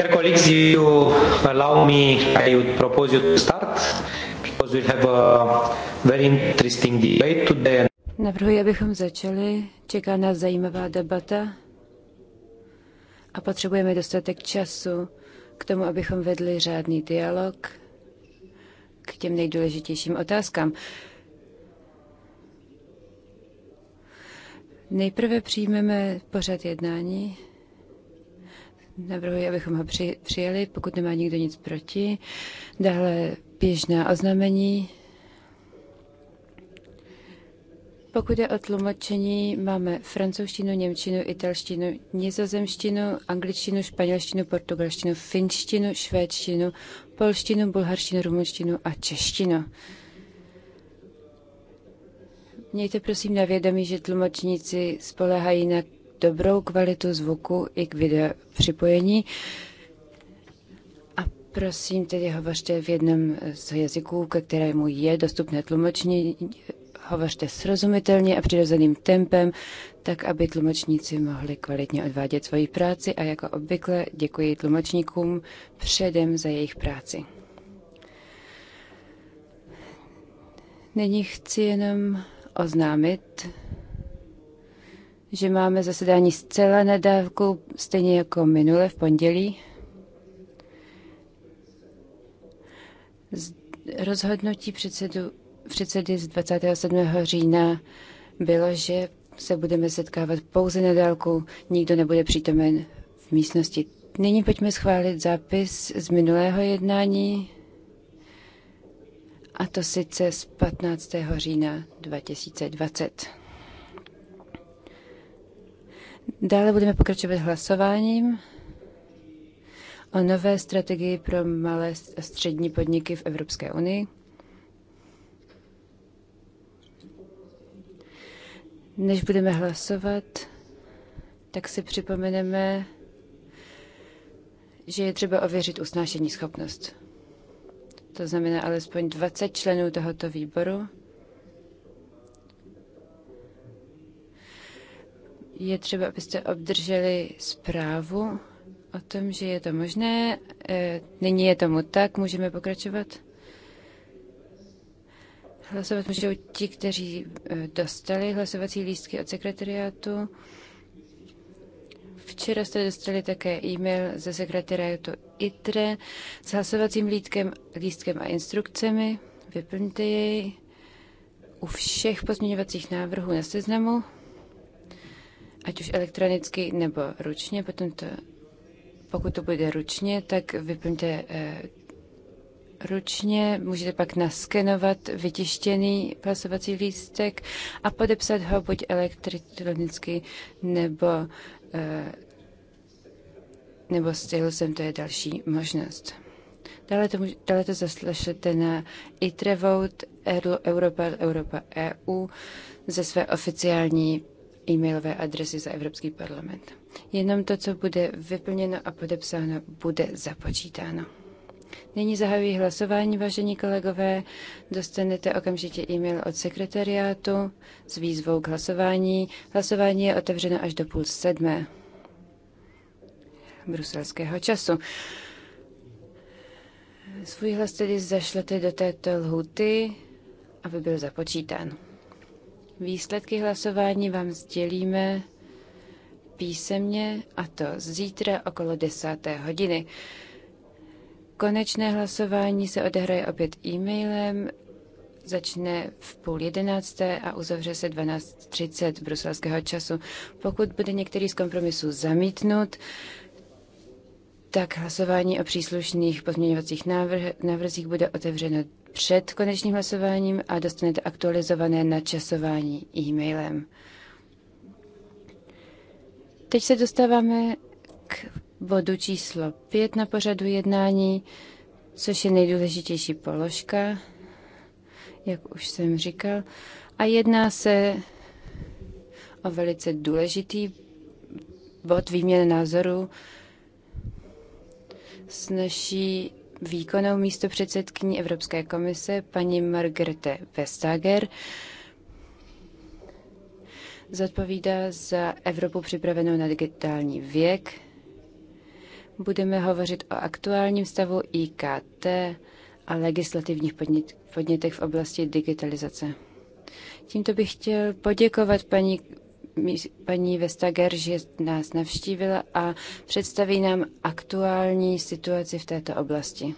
Dear colleagues, you allow me, I would propose you to start, because we have a very interesting debate today. Navrhuji, abychom začali. Čeká nás zajímavá debata a potřebujeme dostatek času k tomu, abychom vedli řádný dialog k těm nejdůležitějším otázkám. Nejprve přijmeme pořad jednání. Navrhuji, abychom ho při, přijeli, pokud nemá nikdo nic proti. Dále běžná oznamení. Pokud je o tlumočení, máme francouzštinu, němčinu, italštinu, nizozemštinu, angličtinu, španělštinu, portugalštinu, finštinu, švédštinu, polštinu, bulharštinu, rumunštinu a češtinu. Mějte prosím na vědomí, že tlumočníci spolehají na dobrou kvalitu zvuku i k video připojení. A prosím, tedy hovořte v jednom z jazyků, ke kterému je dostupné tlumočení. Hovořte srozumitelně a přirozeným tempem, tak aby tlumočníci mohli kvalitně odvádět svoji práci a jako obvykle děkuji tlumočníkům předem za jejich práci. Nyní chci jenom oznámit, že máme zasedání zcela na dálku, stejně jako minule v pondělí. Z rozhodnutí předsedu, předsedy z 27. října bylo, že se budeme setkávat pouze na dálku, nikdo nebude přítomen v místnosti. Nyní pojďme schválit zápis z minulého jednání, a to sice z 15. října 2020. Dále budeme pokračovat hlasováním o nové strategii pro malé a střední podniky v Evropské unii. Než budeme hlasovat, tak si připomeneme, že je třeba ověřit usnášení schopnost. To znamená alespoň 20 členů tohoto výboru je třeba, abyste obdrželi zprávu o tom, že je to možné. E, nyní je tomu tak, můžeme pokračovat. Hlasovat můžou ti, kteří e, dostali hlasovací lístky od sekretariátu. Včera jste dostali také e-mail ze sekretariátu ITRE s hlasovacím lístkem, lístkem a instrukcemi. Vyplňte jej u všech pozměňovacích návrhů na seznamu ať už elektronicky nebo ručně, potom to, pokud to bude ručně, tak vyplňte eh, ručně, můžete pak naskenovat vytištěný pasovací lístek a podepsat ho buď elektronicky nebo eh, nebo stylusem, to je další možnost. Dále to, dále to zaslešete na iTrevote Europa, EU e ze své oficiální e-mailové adresy za Evropský parlament. Jenom to, co bude vyplněno a podepsáno, bude započítáno. Nyní zahajuji hlasování, vážení kolegové. Dostanete okamžitě e-mail od sekretariátu s výzvou k hlasování. Hlasování je otevřeno až do půl sedmé bruselského času. Svůj hlas tedy zašlete do této lhuty, aby byl započítán. Výsledky hlasování vám sdělíme písemně, a to zítra okolo 10. hodiny. Konečné hlasování se odehraje opět e-mailem, začne v půl jedenácté a uzavře se 12.30 bruselského času. Pokud bude některý z kompromisů zamítnut, tak hlasování o příslušných pozměňovacích návrh, návrzích bude otevřeno před konečným hlasováním a dostanete aktualizované načasování e-mailem. Teď se dostáváme k bodu číslo 5 na pořadu jednání, což je nejdůležitější položka, jak už jsem říkal. A jedná se o velice důležitý bod výměny názorů s naší výkonnou místopředsedkyní Evropské komise, paní Margrethe Vestager. Zodpovídá za Evropu připravenou na digitální věk. Budeme hovořit o aktuálním stavu IKT a legislativních podnětech v oblasti digitalizace. Tímto bych chtěl poděkovat paní paní Vestager, že nás navštívila a představí nám aktuální situaci v této oblasti.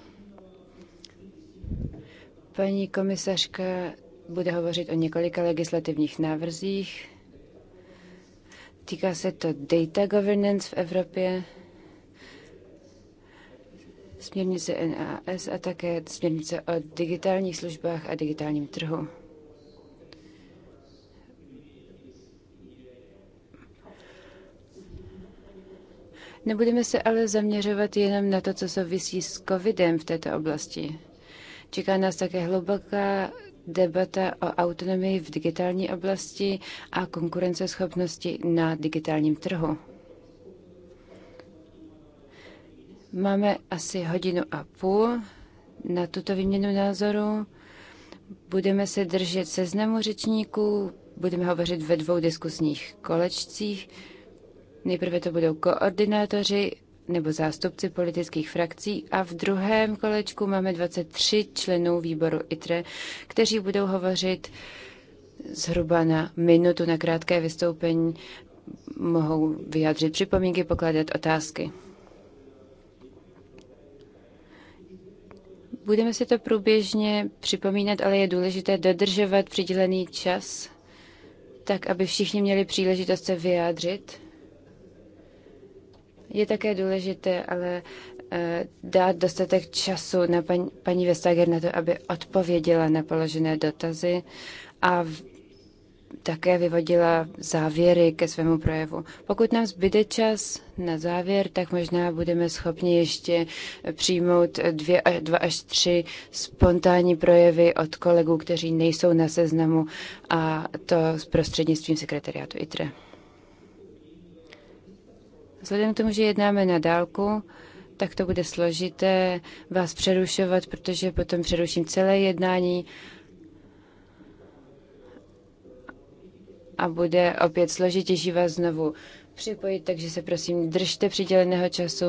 Paní komisařka bude hovořit o několika legislativních návrzích. Týká se to data governance v Evropě, směrnice NAS a také směrnice o digitálních službách a digitálním trhu. Nebudeme se ale zaměřovat jenom na to, co souvisí s covidem v této oblasti. Čeká nás také hluboká debata o autonomii v digitální oblasti a konkurenceschopnosti na digitálním trhu. Máme asi hodinu a půl na tuto výměnu názoru. Budeme se držet seznamu řečníků, budeme hovořit ve dvou diskusních kolečcích. Nejprve to budou koordinátoři nebo zástupci politických frakcí a v druhém kolečku máme 23 členů výboru ITRE, kteří budou hovořit zhruba na minutu na krátké vystoupení, mohou vyjádřit připomínky, pokládat otázky. Budeme si to průběžně připomínat, ale je důležité dodržovat přidělený čas, tak aby všichni měli příležitost se vyjádřit. Je také důležité, ale eh, dát dostatek času na paní, paní Vestager na to, aby odpověděla na položené dotazy a v, také vyvodila závěry ke svému projevu. Pokud nám zbyde čas na závěr, tak možná budeme schopni ještě přijmout dvě, dva až tři spontánní projevy od kolegů, kteří nejsou na seznamu a to s prostřednictvím sekretariátu ITRE. Vzhledem k tomu, že jednáme na dálku, tak to bude složité vás přerušovat, protože potom přeruším celé jednání a bude opět složitější vás znovu připojit, takže se prosím držte přiděleného času,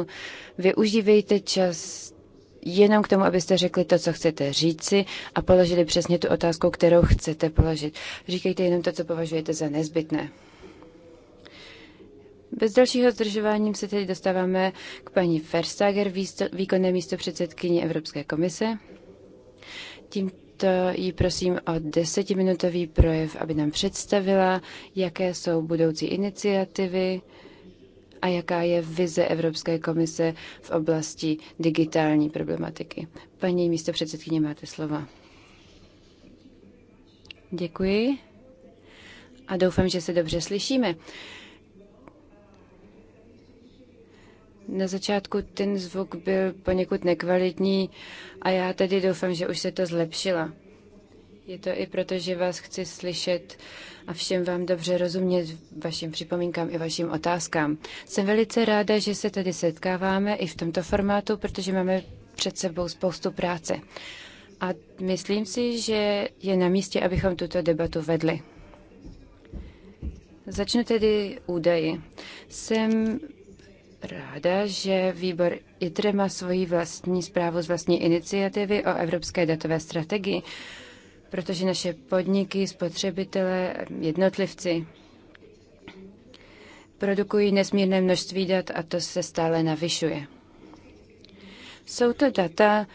využívejte čas jenom k tomu, abyste řekli to, co chcete říci a položili přesně tu otázku, kterou chcete položit. Říkejte jenom to, co považujete za nezbytné. Bez dalšího zdržování se tedy dostáváme k paní Verstager, výkonné místo předsedkyně Evropské komise. Tímto ji prosím o desetiminutový projev, aby nám představila, jaké jsou budoucí iniciativy a jaká je vize Evropské komise v oblasti digitální problematiky. Paní místo předsedkyně, máte slova. Děkuji a doufám, že se dobře slyšíme. Na začátku ten zvuk byl poněkud nekvalitní a já tedy doufám, že už se to zlepšila. Je to i proto, že vás chci slyšet a všem vám dobře rozumět vašim připomínkám i vašim otázkám. Jsem velice ráda, že se tady setkáváme i v tomto formátu, protože máme před sebou spoustu práce. A myslím si, že je na místě, abychom tuto debatu vedli. Začnu tedy údaji. Jsem ráda, že výbor ITRE má svoji vlastní zprávu z vlastní iniciativy o Evropské datové strategii, protože naše podniky, spotřebitele, jednotlivci produkují nesmírné množství dat a to se stále navyšuje. Jsou to data,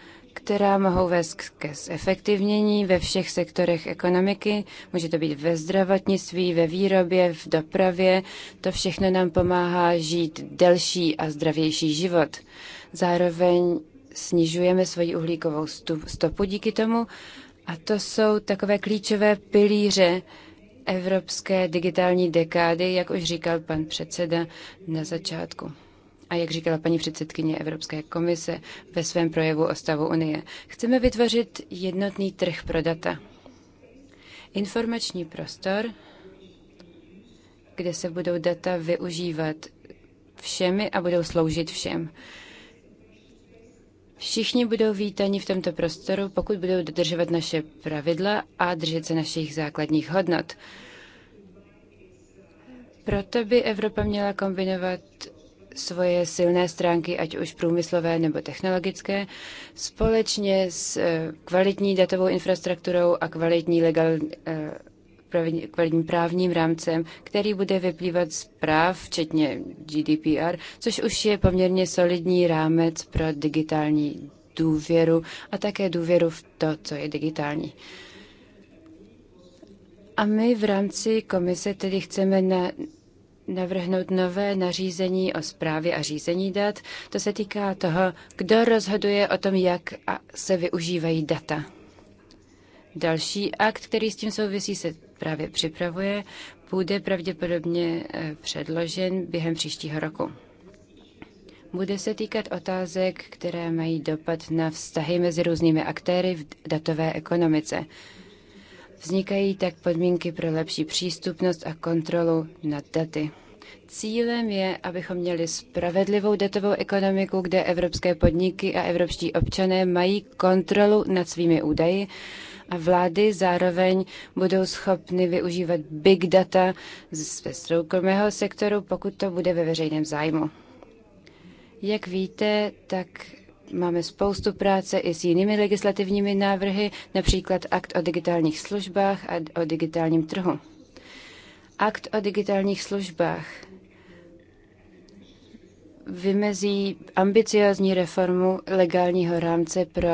která mohou vést ke zefektivnění ve všech sektorech ekonomiky. Může to být ve zdravotnictví, ve výrobě, v dopravě. To všechno nám pomáhá žít delší a zdravější život. Zároveň snižujeme svoji uhlíkovou stopu díky tomu a to jsou takové klíčové pilíře evropské digitální dekády, jak už říkal pan předseda na začátku a jak říkala paní předsedkyně Evropské komise ve svém projevu o stavu Unie. Chceme vytvořit jednotný trh pro data. Informační prostor, kde se budou data využívat všemi a budou sloužit všem. Všichni budou vítani v tomto prostoru, pokud budou dodržovat naše pravidla a držet se našich základních hodnot. Proto by Evropa měla kombinovat svoje silné stránky, ať už průmyslové nebo technologické, společně s eh, kvalitní datovou infrastrukturou a kvalitní legal, eh, kvalitním právním rámcem, který bude vyplývat z práv, včetně GDPR, což už je poměrně solidní rámec pro digitální důvěru a také důvěru v to, co je digitální. A my v rámci komise tedy chceme na navrhnout nové nařízení o zprávě a řízení dat. To se týká toho, kdo rozhoduje o tom, jak se využívají data. Další akt, který s tím souvisí, se právě připravuje, bude pravděpodobně eh, předložen během příštího roku. Bude se týkat otázek, které mají dopad na vztahy mezi různými aktéry v datové ekonomice. Vznikají tak podmínky pro lepší přístupnost a kontrolu nad daty. Cílem je, abychom měli spravedlivou datovou ekonomiku, kde evropské podniky a evropští občané mají kontrolu nad svými údaji a vlády zároveň budou schopny využívat big data ze soukromého sektoru, pokud to bude ve veřejném zájmu. Jak víte, tak Máme spoustu práce i s jinými legislativními návrhy, například akt o digitálních službách a o digitálním trhu. Akt o digitálních službách vymezí ambiciozní reformu legálního rámce pro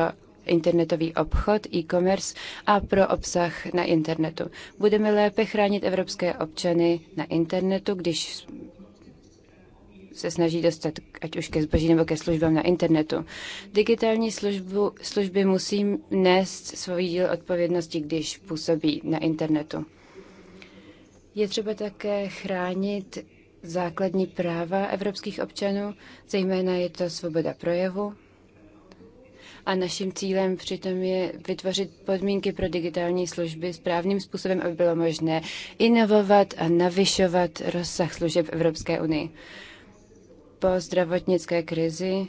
internetový obchod, e-commerce a pro obsah na internetu. Budeme lépe chránit evropské občany na internetu, když se snaží dostat ať už ke zboží nebo ke službám na internetu. Digitální službu, služby musí nést svůj díl odpovědnosti, když působí na internetu. Je třeba také chránit základní práva evropských občanů, zejména je to svoboda projevu. A naším cílem přitom je vytvořit podmínky pro digitální služby správným způsobem, aby bylo možné inovovat a navyšovat rozsah služeb Evropské unii po zdravotnické krizi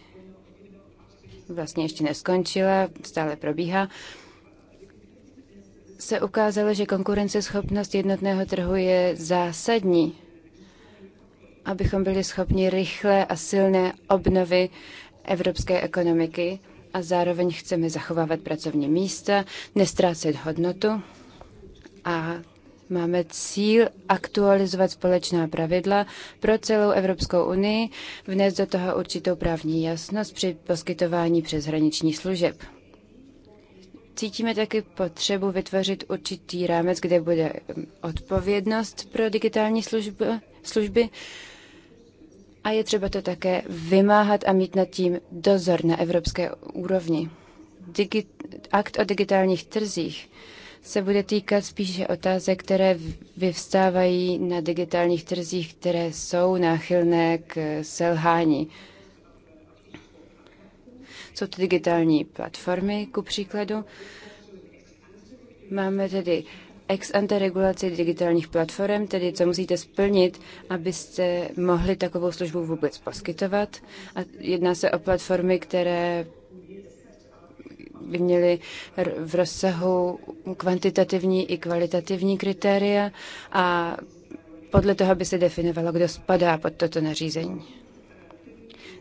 vlastně ještě neskončila, stále probíhá, se ukázalo, že konkurenceschopnost jednotného trhu je zásadní, abychom byli schopni rychlé a silné obnovy evropské ekonomiky a zároveň chceme zachovávat pracovní místa, nestrácet hodnotu a Máme cíl aktualizovat společná pravidla pro celou Evropskou unii, vnést do toho určitou právní jasnost při poskytování přeshraničních služeb. Cítíme taky potřebu vytvořit určitý rámec, kde bude mm, odpovědnost pro digitální služby, služby a je třeba to také vymáhat a mít nad tím dozor na evropské úrovni. Digi- akt o digitálních trzích se bude týkat spíše otázek, které vyvstávají na digitálních trzích, které jsou náchylné k selhání. Jsou to digitální platformy, ku příkladu. Máme tedy ex ante regulaci digitálních platform, tedy co musíte splnit, abyste mohli takovou službu vůbec poskytovat. A jedná se o platformy, které by měli v rozsahu kvantitativní i kvalitativní kritéria a podle toho by se definovalo, kdo spadá pod toto nařízení.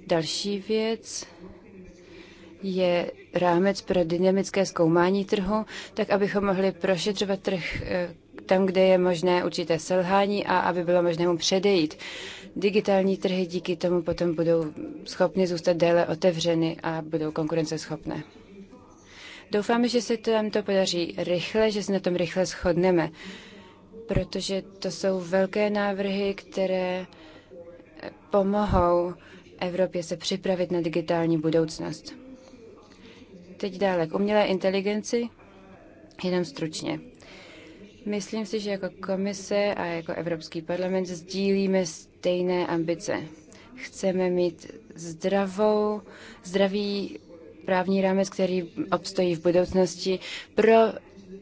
Další věc je rámec pro dynamické zkoumání trhu, tak abychom mohli prošetřovat trh eh, tam, kde je možné určité selhání a aby bylo možné mu předejít. Digitální trhy díky tomu potom budou schopny zůstat déle otevřeny a budou konkurenceschopné. Doufáme, že se nám to podaří rychle, že se na tom rychle shodneme, protože to jsou velké návrhy, které eh, pomohou Evropě se připravit na digitální budoucnost. Teď dále k umělé inteligenci, jenom stručně. Myslím si, že jako komise a jako Evropský parlament sdílíme stejné ambice. Chceme mít zdravou, zdravý právní rámec, který obstojí v budoucnosti pro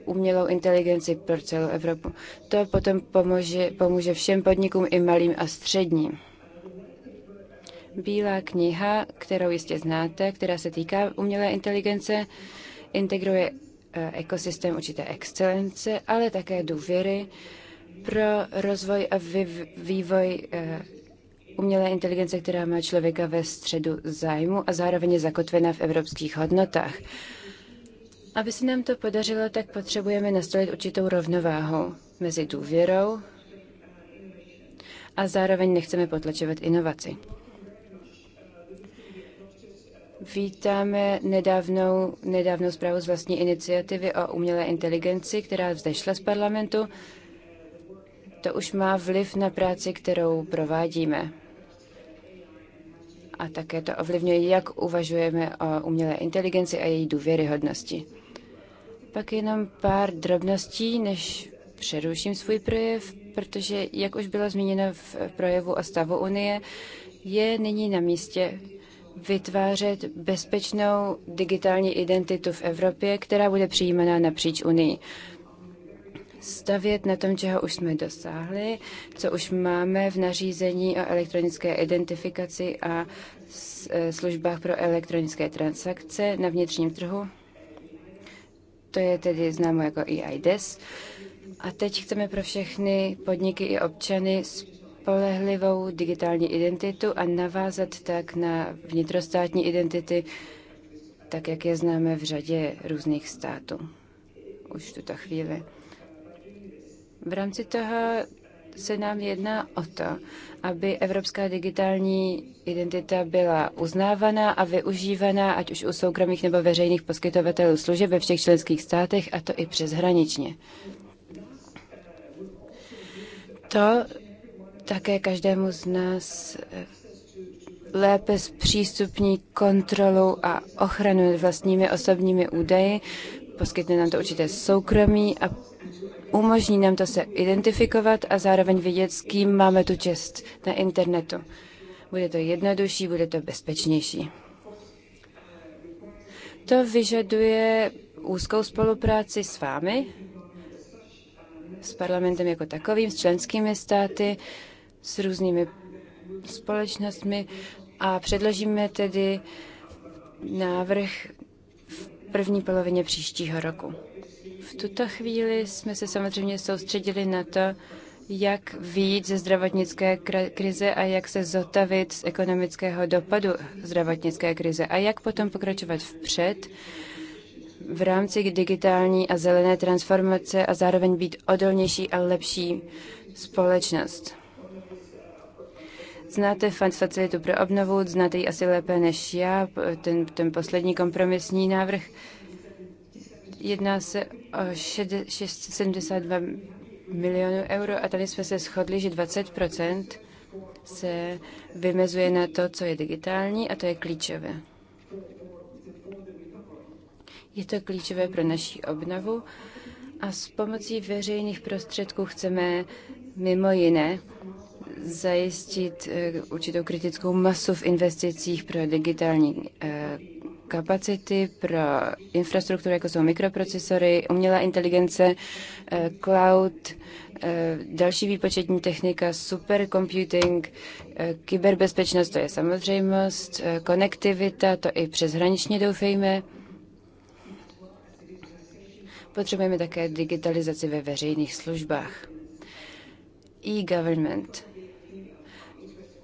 umělou inteligenci pro celou Evropu. To potom pomůže, pomůže všem podnikům i malým a středním. Bílá kniha, kterou jistě znáte, která se týká umělé inteligence, integruje eh, ekosystém určité excelence, ale také důvěry pro rozvoj a vývoj eh, umělé inteligence, která má člověka ve středu zájmu a zároveň je zakotvena v evropských hodnotách. Aby se nám to podařilo, tak potřebujeme nastolit určitou rovnováhu mezi důvěrou a zároveň nechceme potlačovat inovaci. Vítáme nedávnou, nedávnou zprávu z vlastní iniciativy o umělé inteligenci, která vzešla z parlamentu. To už má vliv na práci, kterou provádíme a také to ovlivňuje, jak uvažujeme o umělé inteligenci a její důvěryhodnosti. Pak jenom pár drobností, než přeruším svůj projev, protože, jak už bylo zmíněno v projevu o stavu Unie, je nyní na místě vytvářet bezpečnou digitální identitu v Evropě, která bude přijímána napříč Unii stavět na tom, čeho už jsme dosáhli, co už máme v nařízení o elektronické identifikaci a e, službách pro elektronické transakce na vnitřním trhu. To je tedy známo jako EIDES. A teď chceme pro všechny podniky i občany spolehlivou digitální identitu a navázat tak na vnitrostátní identity, tak jak je známe v řadě různých států. Už tuto chvíli. V rámci toho se nám jedná o to, aby evropská digitální identita byla uznávaná a využívaná, ať už u soukromých nebo veřejných poskytovatelů služeb ve všech členských státech, a to i přeshraničně. To také každému z nás lépe zpřístupní kontrolu a ochranu vlastními osobními údaji, poskytne nám to určité soukromí a Umožní nám to se identifikovat a zároveň vidět, s kým máme tu čest na internetu. Bude to jednodušší, bude to bezpečnější. To vyžaduje úzkou spolupráci s vámi, s parlamentem jako takovým, s členskými státy, s různými společnostmi a předložíme tedy návrh v první polovině příštího roku. V tuto chvíli jsme se samozřejmě soustředili na to, jak výjít ze zdravotnické krize a jak se zotavit z ekonomického dopadu zdravotnické krize a jak potom pokračovat vpřed v rámci digitální a zelené transformace a zároveň být odolnější a lepší společnost. Znáte facilitu pro obnovu, znáte ji asi lépe než já, ten, ten poslední kompromisní návrh Jedná se o 672 milionů euro a tady jsme se shodli, že 20 se vymezuje na to, co je digitální a to je klíčové. Je to klíčové pro naši obnovu a s pomocí veřejných prostředků chceme mimo jiné zajistit eh, určitou kritickou masu v investicích pro digitální eh, kapacity pro infrastrukturu, jako jsou mikroprocesory, umělá inteligence, eh, cloud, eh, další výpočetní technika, supercomputing, eh, kyberbezpečnost, to je samozřejmost, konektivita, to i přeshraničně doufejme. Potřebujeme také digitalizaci ve veřejných službách. E-government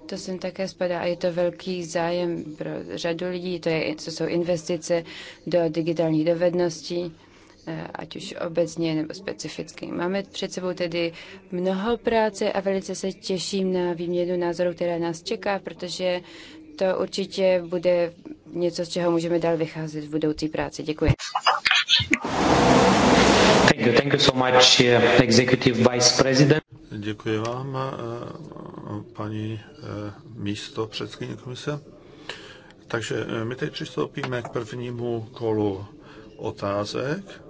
to sem také spadá a je to velký zájem pro řadu lidí. To, je, to jsou investice do digitálních dovedností, eh, ať už obecně nebo specificky. Máme před sebou tedy mnoho práce a velice se těším na výměnu názorů, která nás čeká, protože to určitě bude něco, z čeho můžeme dál vycházet v budoucí práci. Děkuji. Thank you. Thank you so much, uh, Executive Vice President. Děkuji vám, eh, paní eh, místo předsedkyně komise. Takže eh, my teď přistoupíme k prvnímu kolu otázek.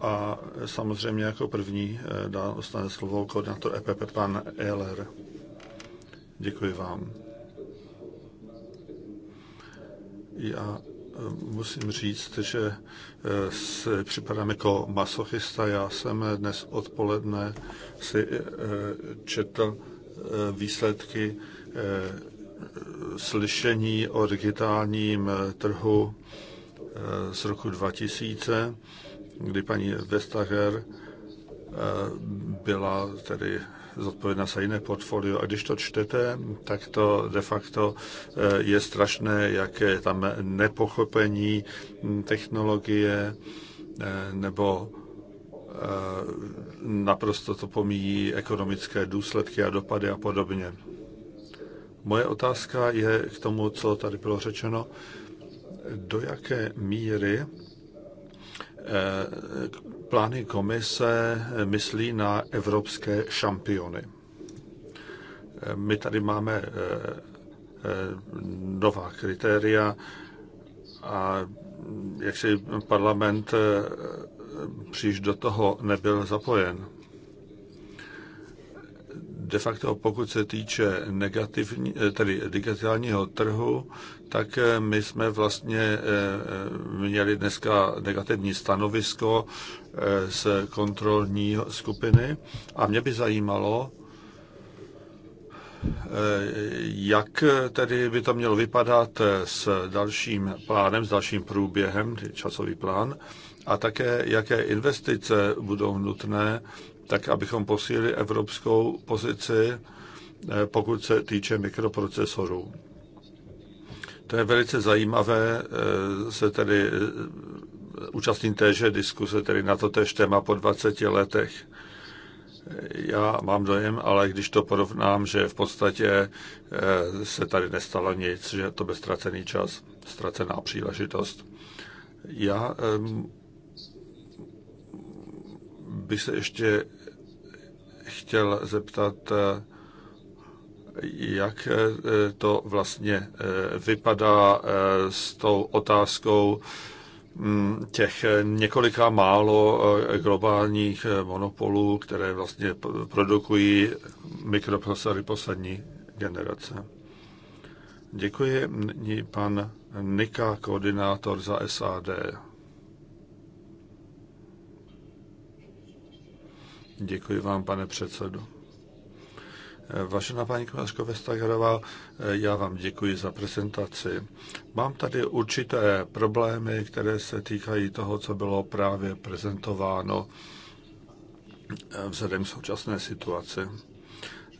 A samozřejmě jako první dá dostane slovo koordinátor EPP pan Eller. Děkuji vám. Já musím říct, že eh, si připadám jako masochista. Já jsem dnes odpoledne si eh, četl eh, výsledky slyšení o digitálním trhu z roku 2000, kdy paní Vestager byla tedy zodpovědná za jiné portfolio. A když to čtete, tak to de facto eh, je strašné, jaké je tam nepochopení hm, technologie eh, nebo eh, naprosto to pomíjí ekonomické důsledky a dopady a podobně. Moje otázka je k tomu, co tady bylo řečeno, do jaké míry plány komise myslí na evropské šampiony. My tady máme eh, eh, nová kritéria a jak si parlament eh, příliš do toho nebyl zapojen de facto pokud se týče negativní, eh, tedy digitálního trhu, tak eh, my jsme vlastně eh, měli dneska negativní stanovisko z kontrolní skupiny a mě by zajímalo, jak tedy by to mělo vypadat s dalším plánem, s dalším průběhem, časový plán, a také jaké investice budou nutné tak abychom posílili evropskou pozici, eh, pokud se týče mikroprocesorů. To je velice zajímavé, eh, se tedy eh, účastním téže diskuse, tedy na to též téma po 20 letech. Já mám dojem, ale když to porovnám, že v podstatě se tady nestalo nic, že to byl ztracený čas, ztracená příležitost. Já ehm, bych se ještě chtěl zeptat, eh, jak eh, to vlastně eh, vypadá s tou otázkou hm, těch několika málo globálních monopolů, které vlastně produkují mikroprocesory poslední generace. Děkuji. Nyní pan Nika, koordinátor za SAD. Děkuji vám, pane předsedo. Vážená paní Kovářko Vestagerová, já vám děkuji za prezentaci. Mám tady určité problémy, které se týkají toho, co bylo právě prezentováno vzhledem k současné situaci.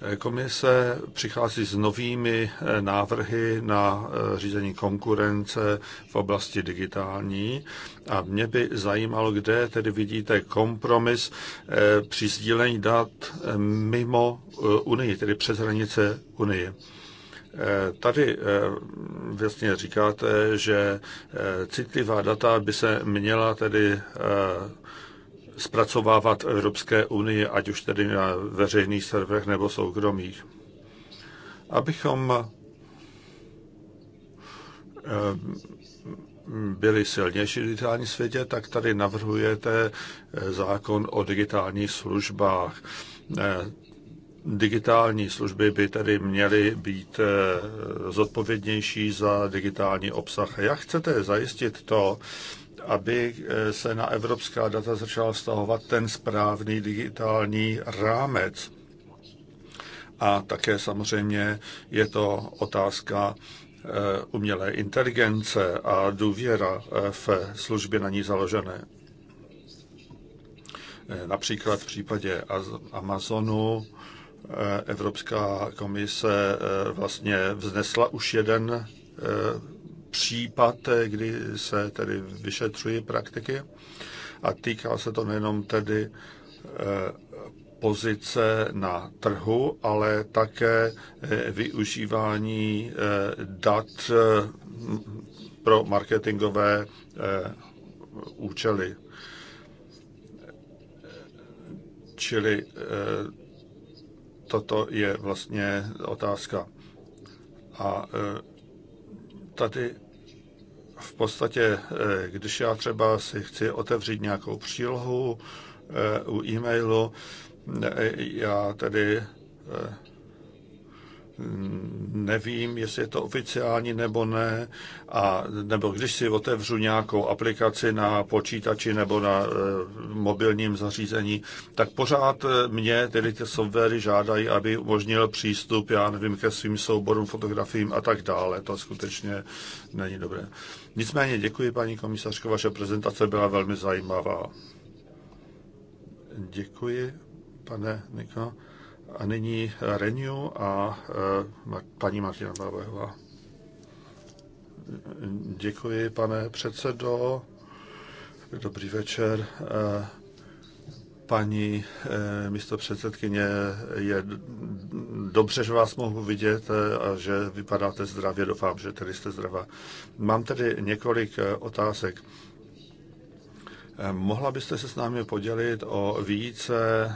Eh, komise přichází s novými eh, návrhy na eh, řízení konkurence v oblasti digitální a mě by zajímalo, kde tedy vidíte kompromis při sdílení dat mimo Unii, tedy přes hranice Unie. Tady vlastně říkáte, že citlivá data by se měla tedy zpracovávat v Evropské unii, ať už tedy na veřejných serverech nebo soukromých. Abychom eh, byli silnější v digitálním světě, tak tady navrhujete eh, zákon o digitálních službách. Eh, digitální služby by tedy měly být zodpovědnější za digitální obsah. Jak chcete zajistit to, aby eh, se na evropská data začal vztahovat ten správný digitální rámec. A také samozřejmě je to otázka eh, umělé inteligence a důvěra eh, v služby na ní založené. Například v případě Amazonu Evropská komise vlastně vznesla už jeden případ, eh, kdy se tedy vyšetřují praktiky a týká se to nejenom tedy eh, pozice na trhu, ale také eh, využívání dat pro marketingové účely. Čili toto je vlastně otázka. A tady v podstatě, eh, když já třeba si chci otevřít nějakou přílohu eh, u e-mailu, eh, já tedy Mm, nevím, jestli je to oficiální nebo ne, a, nebo když si otevřu nějakou aplikaci na počítači nebo na e, mobilním zařízení, tak pořád eh, mě tedy ty softwary žádají, aby umožnil přístup, já nevím, ke svým souborům, fotografiím a tak dále. To skutečně není dobré. Nicméně děkuji, paní komisařko, vaše prezentace byla velmi zajímavá. Děkuji, pane Niko. A nyní Renew a e, paní Martina Bábehová. Děkuji, pane předsedo. Dobrý večer. E, paní e, místo předsedkyně, je dobře, že vás mohu vidět a že vypadáte zdravě. Doufám, že tedy jste zdravá. Mám tedy několik otázek. Mohla byste se s námi podělit o více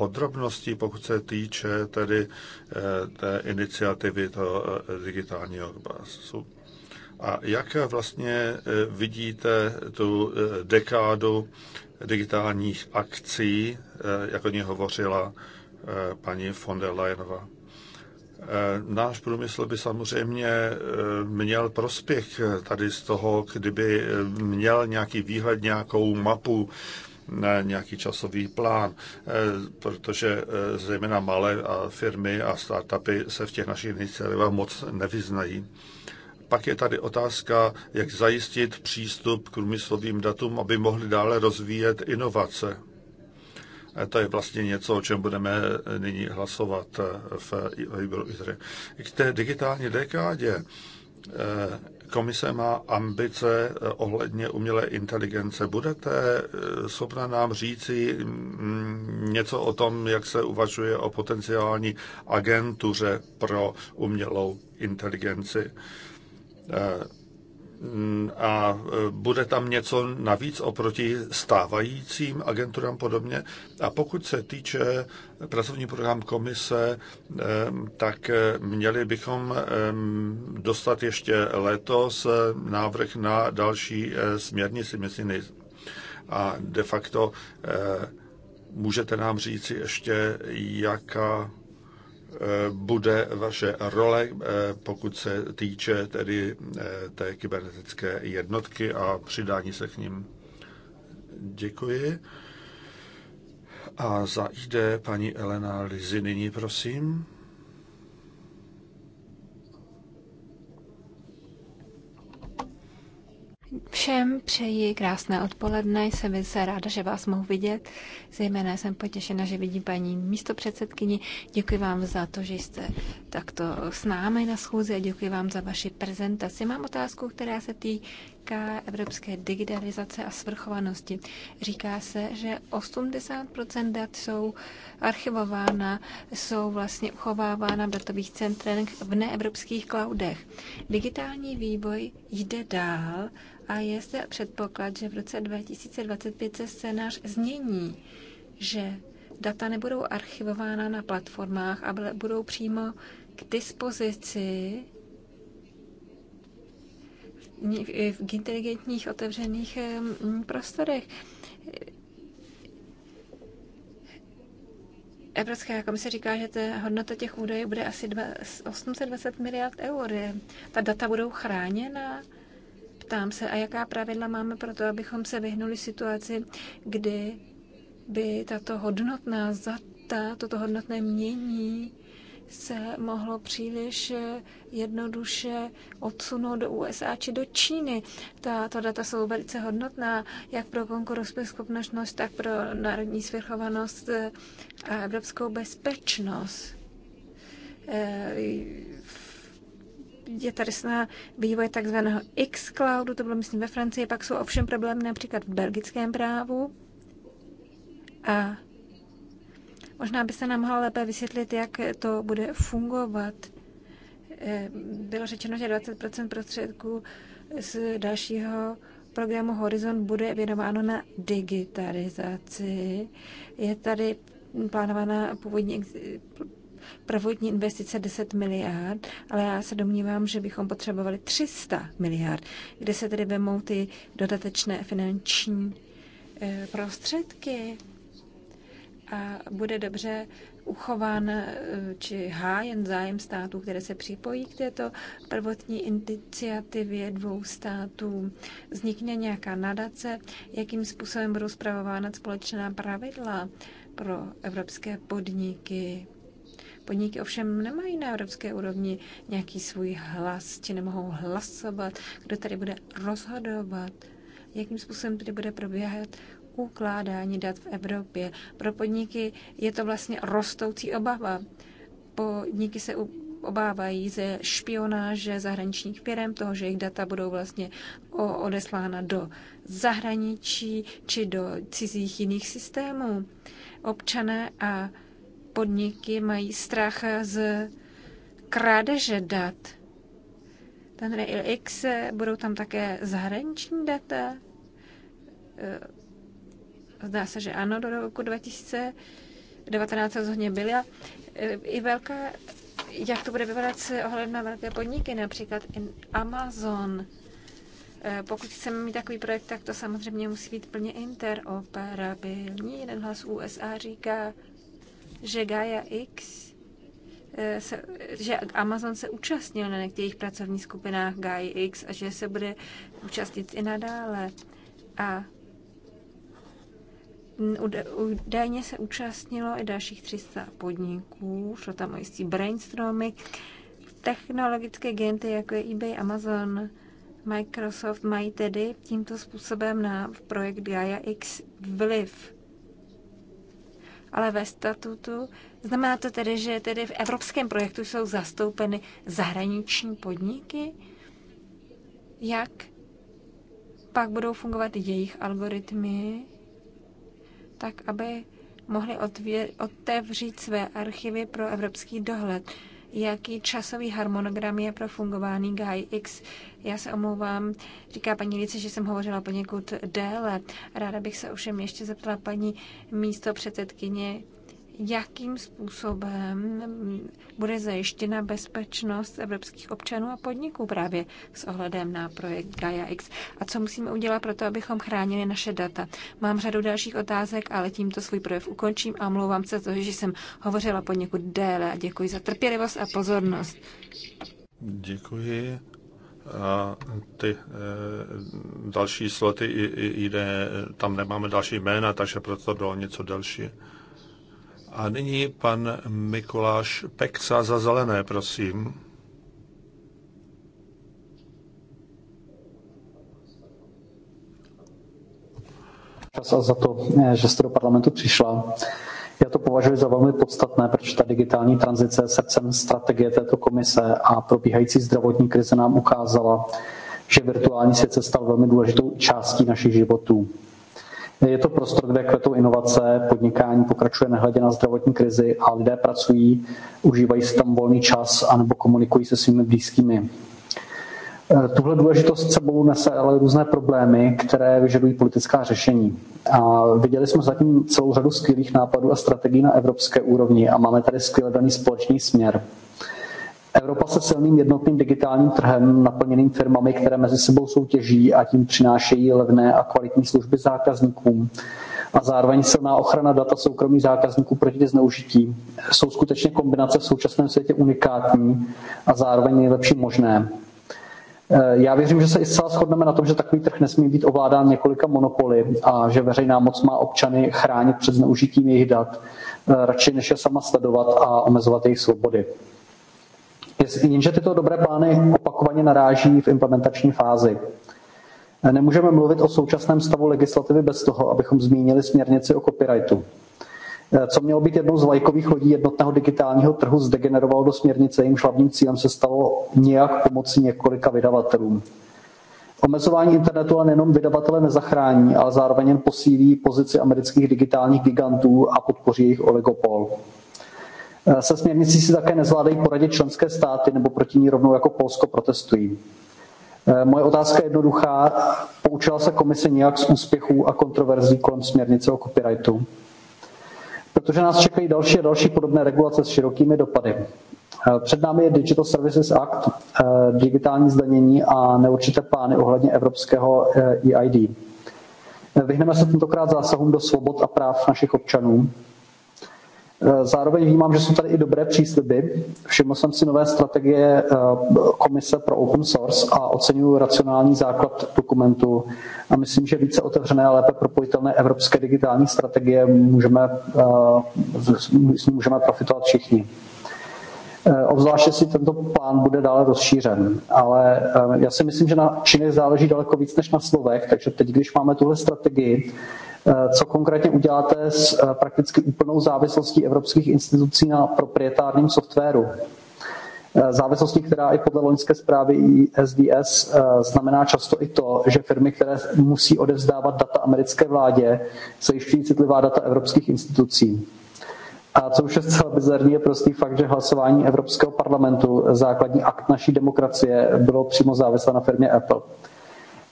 podrobností, pokud se týče tedy eh, té iniciativy toho eh, digitálního basu. A jak vlastně eh, vidíte tu dekádu digitálních akcí, jak o ní hovořila paní von der Leyenová? Náš průmysl by samozřejmě měl prospěch tady z toho, kdyby měl nějaký výhled, nějakou mapu, nějaký časový plán, eh, protože eh, zejména malé firmy a startupy se v těch našich iniciativách moc nevyznají. Pak je tady otázka, jak zajistit přístup k průmyslovým datům, aby mohli dále rozvíjet inovace. Eh, to je vlastně něco, o čem budeme nyní hlasovat v výboru ITRE. K té digitální dekádě komise má ambice eh, ohledně umělé inteligence. Budete eh, schopna nám říci mm, něco o tom, jak se uvažuje o potenciální agentuře pro umělou inteligenci? Eh, Mm, a e, bude tam něco navíc oproti stávajícím agenturám podobně. A pokud se týče pracovní program komise, tak e, měli bychom dostat ještě letos e, návrh na další směrnici myslím, a de facto můžete nám říci ještě, jaká Eh, bude vaše role, eh, pokud se týče tedy eh, té kybernetické jednotky a přidání se k ním. Děkuji. A za jde paní Elena Lizy nyní, prosím. Všem přeji krásné odpoledne, jsem se ráda, že vás mohu vidět. Zejména jsem potěšena, že vidím paní místopředsedkyni. Děkuji vám za to, že jste takto s námi na schůzi a děkuji vám za vaši prezentaci. Mám otázku, která se týká evropské digitalizace a svrchovanosti. Říká se, že 80% dat jsou archivována, jsou vlastně uchovávána v datových centrech v neevropských cloudech. Digitální vývoj jde dál a je zde předpoklad, že v roce 2025 se scénář změní, že data nebudou archivována na platformách, ale budou přímo k dispozici v inteligentních otevřených prostorech. Evropská komise říká, že ta hodnota těch údajů bude asi 820 miliard eur. Ta data budou chráněna? Ptám se, a jaká pravidla máme pro to, abychom se vyhnuli situaci, kdy by tato hodnotná zata, toto hodnotné mění se mohlo příliš eh, jednoduše odsunout do USA či do Číny. Tato data jsou velice hodnotná, jak pro konkurenceschopnost, tak pro národní svrchovanost eh, a evropskou bezpečnost. Eh, je tady sná vývoj takzvaného X-Cloudu, to bylo myslím ve Francii, pak jsou ovšem problémy například v belgickém právu. A Možná byste nám mohla lépe vysvětlit, jak to bude fungovat. Eh, bylo řečeno, že 20 prostředků z dalšího programu Horizon bude věnováno na digitalizaci. Je tady plánovaná původní prvotní investice 10 miliard, ale já se domnívám, že bychom potřebovali 300 miliard, kde se tedy vemou ty dodatečné finanční eh, prostředky a bude dobře uchován eh, či hájen zájem států, které se připojí k této prvotní iniciativě dvou států. Vznikne nějaká nadace, jakým způsobem budou zpravována společná pravidla pro evropské podniky. Podniky ovšem nemají na evropské úrovni nějaký svůj hlas, či nemohou hlasovat, kdo tady bude rozhodovat, jakým způsobem tady bude probíhat ukládání dat v Evropě. Pro podniky je to vlastně rostoucí obava. Podniky se obávají ze špionáže zahraničních firm, toho, že jejich data budou vlastně odeslána do zahraničí či do cizích jiných systémů. Občané a podniky mají strach z krádeže dat. Ten RX eh, budou tam také zahraniční data, eh, Zdá se, že ano, do roku 2019 rozhodně byla. I velká, jak to bude vypadat s ohledem na velké podniky, například Amazon. E, pokud chceme mít takový projekt, tak to samozřejmě musí být plně interoperabilní. Jeden hlas USA říká, že Gaia X e, se, že Amazon se účastnil na některých pracovních skupinách GAI X a že se bude účastnit i nadále. A Mm, údajně se účastnilo i dalších 300 podniků, šlo tam o jistý Brainstormy, Technologické genty, jako je eBay, Amazon, Microsoft, mají tedy tímto způsobem na projekt Gaia X vliv. Ale ve statutu znamená to tedy, že tedy v evropském projektu jsou zastoupeny zahraniční podniky? Jak pak budou fungovat jejich algoritmy? tak aby mohli otevřít své archivy pro evropský dohled. Jaký časový harmonogram je pro fungování GAI-X? Já se omlouvám, říká paní Lice, že jsem hovořila poněkud déle. Ráda bych se ovšem ještě zeptala paní místo předsedkyně jakým způsobem bude zajištěna bezpečnost evropských občanů a podniků právě s ohledem na projekt GAIA-X a co musíme udělat pro to, abychom chránili naše data. Mám řadu dalších otázek, ale tímto svůj projev ukončím a mluvám se to, že jsem hovořila poněkud déle. Děkuji za trpělivost a pozornost. Děkuji. A ty e, další sloty jde, tam nemáme další jména, takže proto bylo něco delší. A nyní pan Mikuláš Pekca za zelené, prosím. Čas a za to, eh, že jste do parlamentu přišla. Já to považuji za velmi podstatné, protože ta digitální tranzice je srdcem strategie této komise a probíhající zdravotní krize nám ukázala, že virtuální svět se stal velmi důležitou částí našich životů. Je to prostor, kde kvetou inovace, podnikání pokračuje nehledě na zdravotní krizi a lidé pracují, užívají si tam volný čas anebo komunikují se svými blízkými. E, tuhle důležitost sebou nese ale různé problémy, které vyžadují politická řešení. A viděli jsme zatím celou řadu skvělých nápadů a strategií na evropské úrovni a máme tady skvěle daný společný směr. Evropa se silným jednotným digitálním trhem naplněným firmami, které mezi sebou soutěží a tím přinášejí levné a kvalitní služby zákazníkům a zároveň silná ochrana data soukromí zákazníků proti zneužití jsou skutečně kombinace v současném světě unikátní a zároveň nejlepší možné. Eh, já věřím, že se i zcela shodneme na tom, že takový trh nesmí být ovládán několika monopoly a že veřejná moc má občany chránit před zneužitím jejich dat, eh, radši než je sama sledovat a omezovat jejich svobody jenže tyto dobré plány opakovaně naráží v implementační fázi. Nemůžeme mluvit o současném stavu legislativy bez toho, abychom zmínili směrnici o copyrightu. Eh, co mělo být jednou z lajkových lodí jednotného digitálního trhu, zdegenerovalo do směrnice, jejímž hlavním cílem se stalo nějak pomoci několika vydavatelům. Omezování internetu a nejenom vydavatele nezachrání, ale zároveň jen posílí pozici amerických digitálních gigantů a podpoří jejich oligopol. Eh, se směrnicí si také nezvládají poradit členské státy nebo proti ní rovnou jako Polsko protestují. Eh, moje otázka je jednoduchá. Poučila se komise nějak z úspěchů a kontroverzí kolem směrnice o copyrightu? Protože nás čekají další a další podobné regulace s širokými dopady. Eh, před námi je Digital Services Act, digitální zdanění a neurčité plány ohledně evropského EID. E vyhneme se tentokrát zásahům do svobod a práv našich občanů Eh, zároveň vnímám, že jsou tady i dobré přísliby. Všiml jsem si nové strategie eh, Komise pro open source a oceňuji racionální základ dokumentu. A myslím, že více otevřené a lépe propojitelné evropské digitální strategie můžeme, eh, můžeme profitovat všichni. Obzvláště si tento plán bude dále rozšířen, ale já si myslím, že na činech záleží daleko víc než na slovech, takže teď, když máme tuhle strategii, Eh, co konkrétně uděláte s eh, prakticky úplnou závislostí evropských institucí na proprietárním softwaru? Eh, závislostí, která i podle loňské zprávy SDS znamená často i to, že firmy, které musí odevzdávat data americké vládě, zajišťují citlivá data evropských institucí. A co už je zcela bizarní, je prostý fakt, že hlasování Evropského parlamentu, základní akt naší demokracie, bylo přímo závislé na firmě Apple.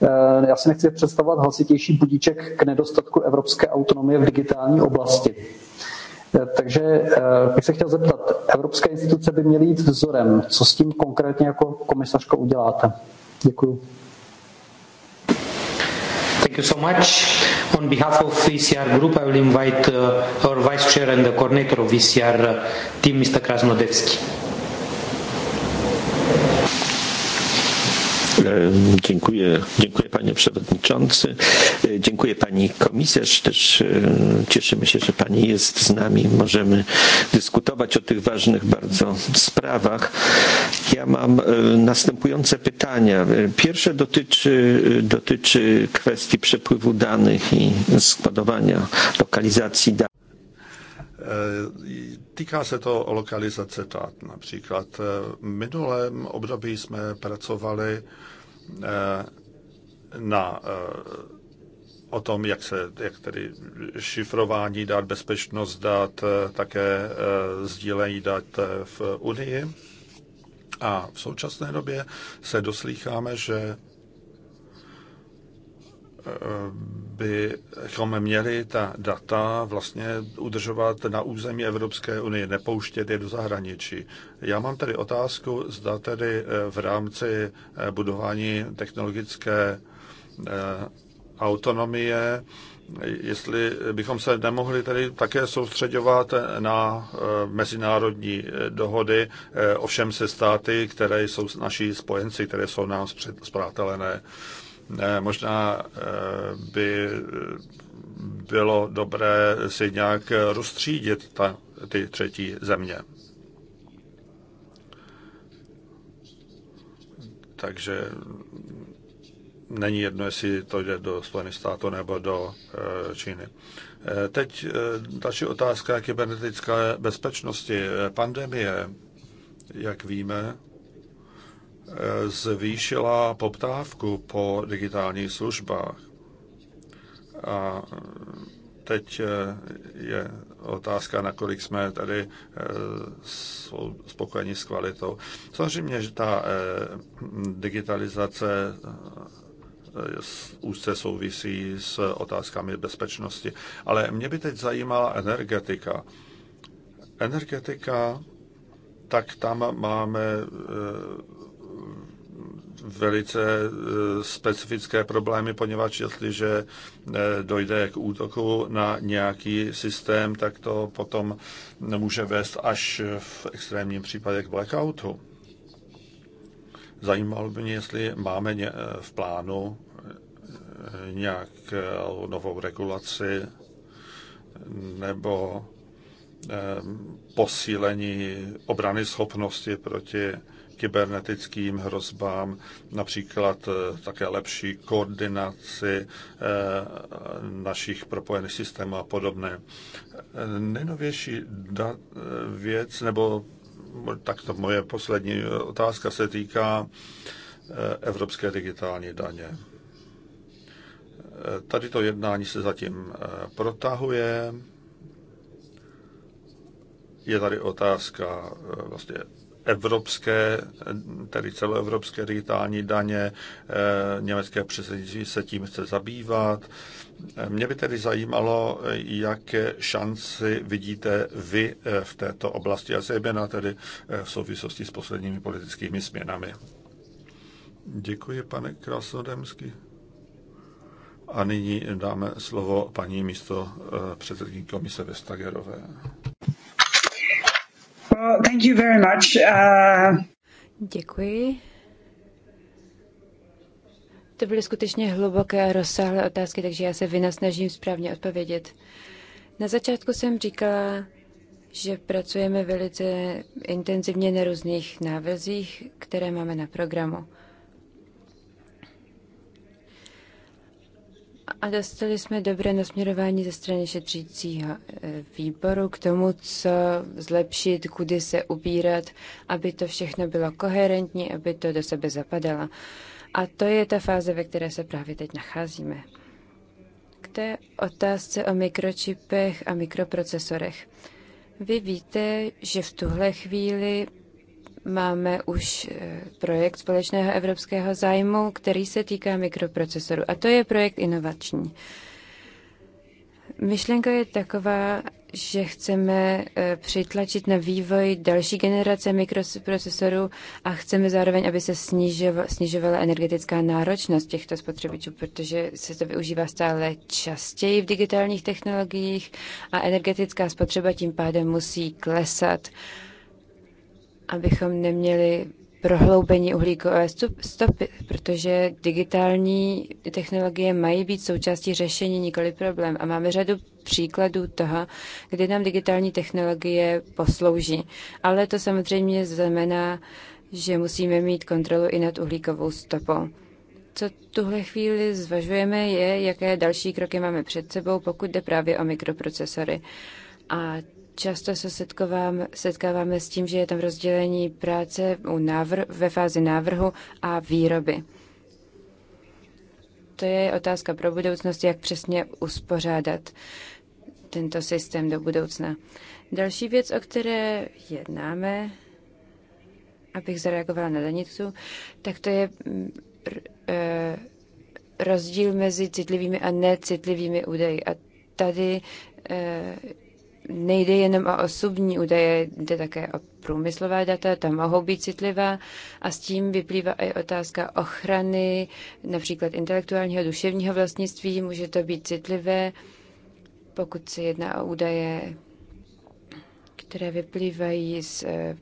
Eh, já si nechci představovat hlasitější budíček k nedostatku evropské autonomie v digitální oblasti. Eh, takže eh, bych se chtěl zeptat, evropské instituce by měly jít vzorem. Co s tím konkrétně jako komisařko uděláte? Děkuji. Thank you so much. On behalf of VCR Group, I will invite uh, our Vice Chair and the Coordinator of VCR team, Mr. Krasnodevsky. Ehm, dziękuję, dziękuję panie przewodniczący, e, dziękuję pani komisarz, też e, cieszymy się, że pani jest z nami, możemy dyskutować o tych ważnych bardzo sprawach. Ja mam e, następujące pytania. Pierwsze dotyczy, dotyczy kwestii przepływu danych i składowania lokalizacji danych. Eh, týká se to lokalizace dat. Například eh, v minulém období jsme pracovali eh, na o tom, jak se, jak tedy šifrování dat, bezpečnost dat, také sdílení dat v Unii. A v současné době se doslýcháme, že bychom měli ta data vlastně udržovat na území Evropské unie, nepouštět je do zahraničí. Já mám tady otázku, zda tedy eh, v rámci eh, budování technologické eh, autonomie, jestli bychom se nemohli tady také soustředovat na mezinárodní dohody, ovšem se státy, které jsou naší spojenci, které jsou nám zpřátelené. Možná eh, by bylo dobré si nějak rozstřídit ta, ty třetí země. Takže není jedno, jestli to jde do Spojených států nebo do eh, Číny. Eh, teď další otázka kybernetické bezpečnosti. Pandemie, jak víme, zvýšila poptávku po digitálních službách. A teď je otázka, nakolik jsme tady eh, spokojeni s kvalitou. Samozřejmě, že ta eh, digitalizace eh, úzce souvisí s otázkami bezpečnosti. Ale mě by teď zajímala energetika. Energetika, tak tam máme velice e, specifické problémy, poněvadž jestliže e, dojde k útoku na nějaký systém, tak to potom může vést až v extrémním případě k blackoutu. Zajímalo by mě, jestli máme e, v plánu nějakou novou regulaci nebo posílení obrany schopnosti proti kybernetickým hrozbám, například eh, také lepší koordinaci eh, našich propojených systémů a podobné. Eh, nejnovější věc, nebo tak to moje poslední otázka se týká evropské digitální daně. Tady to jednání se zatím protahuje. Je tady otázka vlastně evropské, tedy celoevropské digitální daně. Eh, německé předsednictví se tím chce zabývat. Eh, mě by tedy zajímalo, jaké šanci vidíte vy eh, v této oblasti a zejména tedy v souvislosti s posledními politickými změnami. Děkuji, pane Krasnodemský. A nyní dáme slovo paní místo předsedkyní komise Vestagerové thank you very much. Uh... Děkuji. To byly skutečně hluboké, a rozsáhlé otázky, takže já se vynasnažím správně odpovědět. Na začátku jsem říkala, že pracujeme velice intenzivně na různých návrzích, které máme na programu. A dostali jsme dobré nasměrování ze strany šetřícího e, výboru k tomu, co zlepšit, kudy se ubírat, aby to všechno bylo koherentní, aby to do sebe zapadalo. A to je ta fáze, ve které se právě teď nacházíme. K té otázce o mikročipech a mikroprocesorech. Vy víte, že v tuhle chvíli máme už eh, projekt společného evropského zájmu, který se týká mikroprocesoru. A to je projekt inovační. Myšlenka je taková, že chceme eh, přitlačit na vývoj další generace mikroprocesorů a chceme zároveň, aby se snižovala energetická náročnost těchto spotřebičů, protože se to využívá stále častěji v digitálních technologiích a energetická spotřeba tím pádem musí klesat. Uh, abychom neměli prohloubení uhlíkové stopy, protože digitální technologie mají být součástí řešení, nikoli problém. A máme řadu příkladů toho, kdy nám digitální technologie poslouží. Ale to samozřejmě znamená, že musíme mít kontrolu i nad uhlíkovou stopou. Co tuhle chvíli zvažujeme je, jaké další kroky máme před sebou, pokud jde právě o mikroprocesory. A Často se setkávám setkáváme s tím, že je tam rozdělení práce u návr- ve fázi návrhu a výroby. To je otázka pro budoucnost, jak přesně uspořádat tento systém do budoucna. Další věc, o které jednáme, abych zareagovala na Danicu, tak to je mm, e, rozdíl mezi citlivými a necitlivými údaji. A tady e, nejde jenom o osobní údaje, jde také o průmyslové data, ta mohou být citlivá a s tím vyplývá i otázka ochrany například intelektuálního duševního vlastnictví, může to být citlivé, pokud se jedná o údaje, které vyplývají z eh,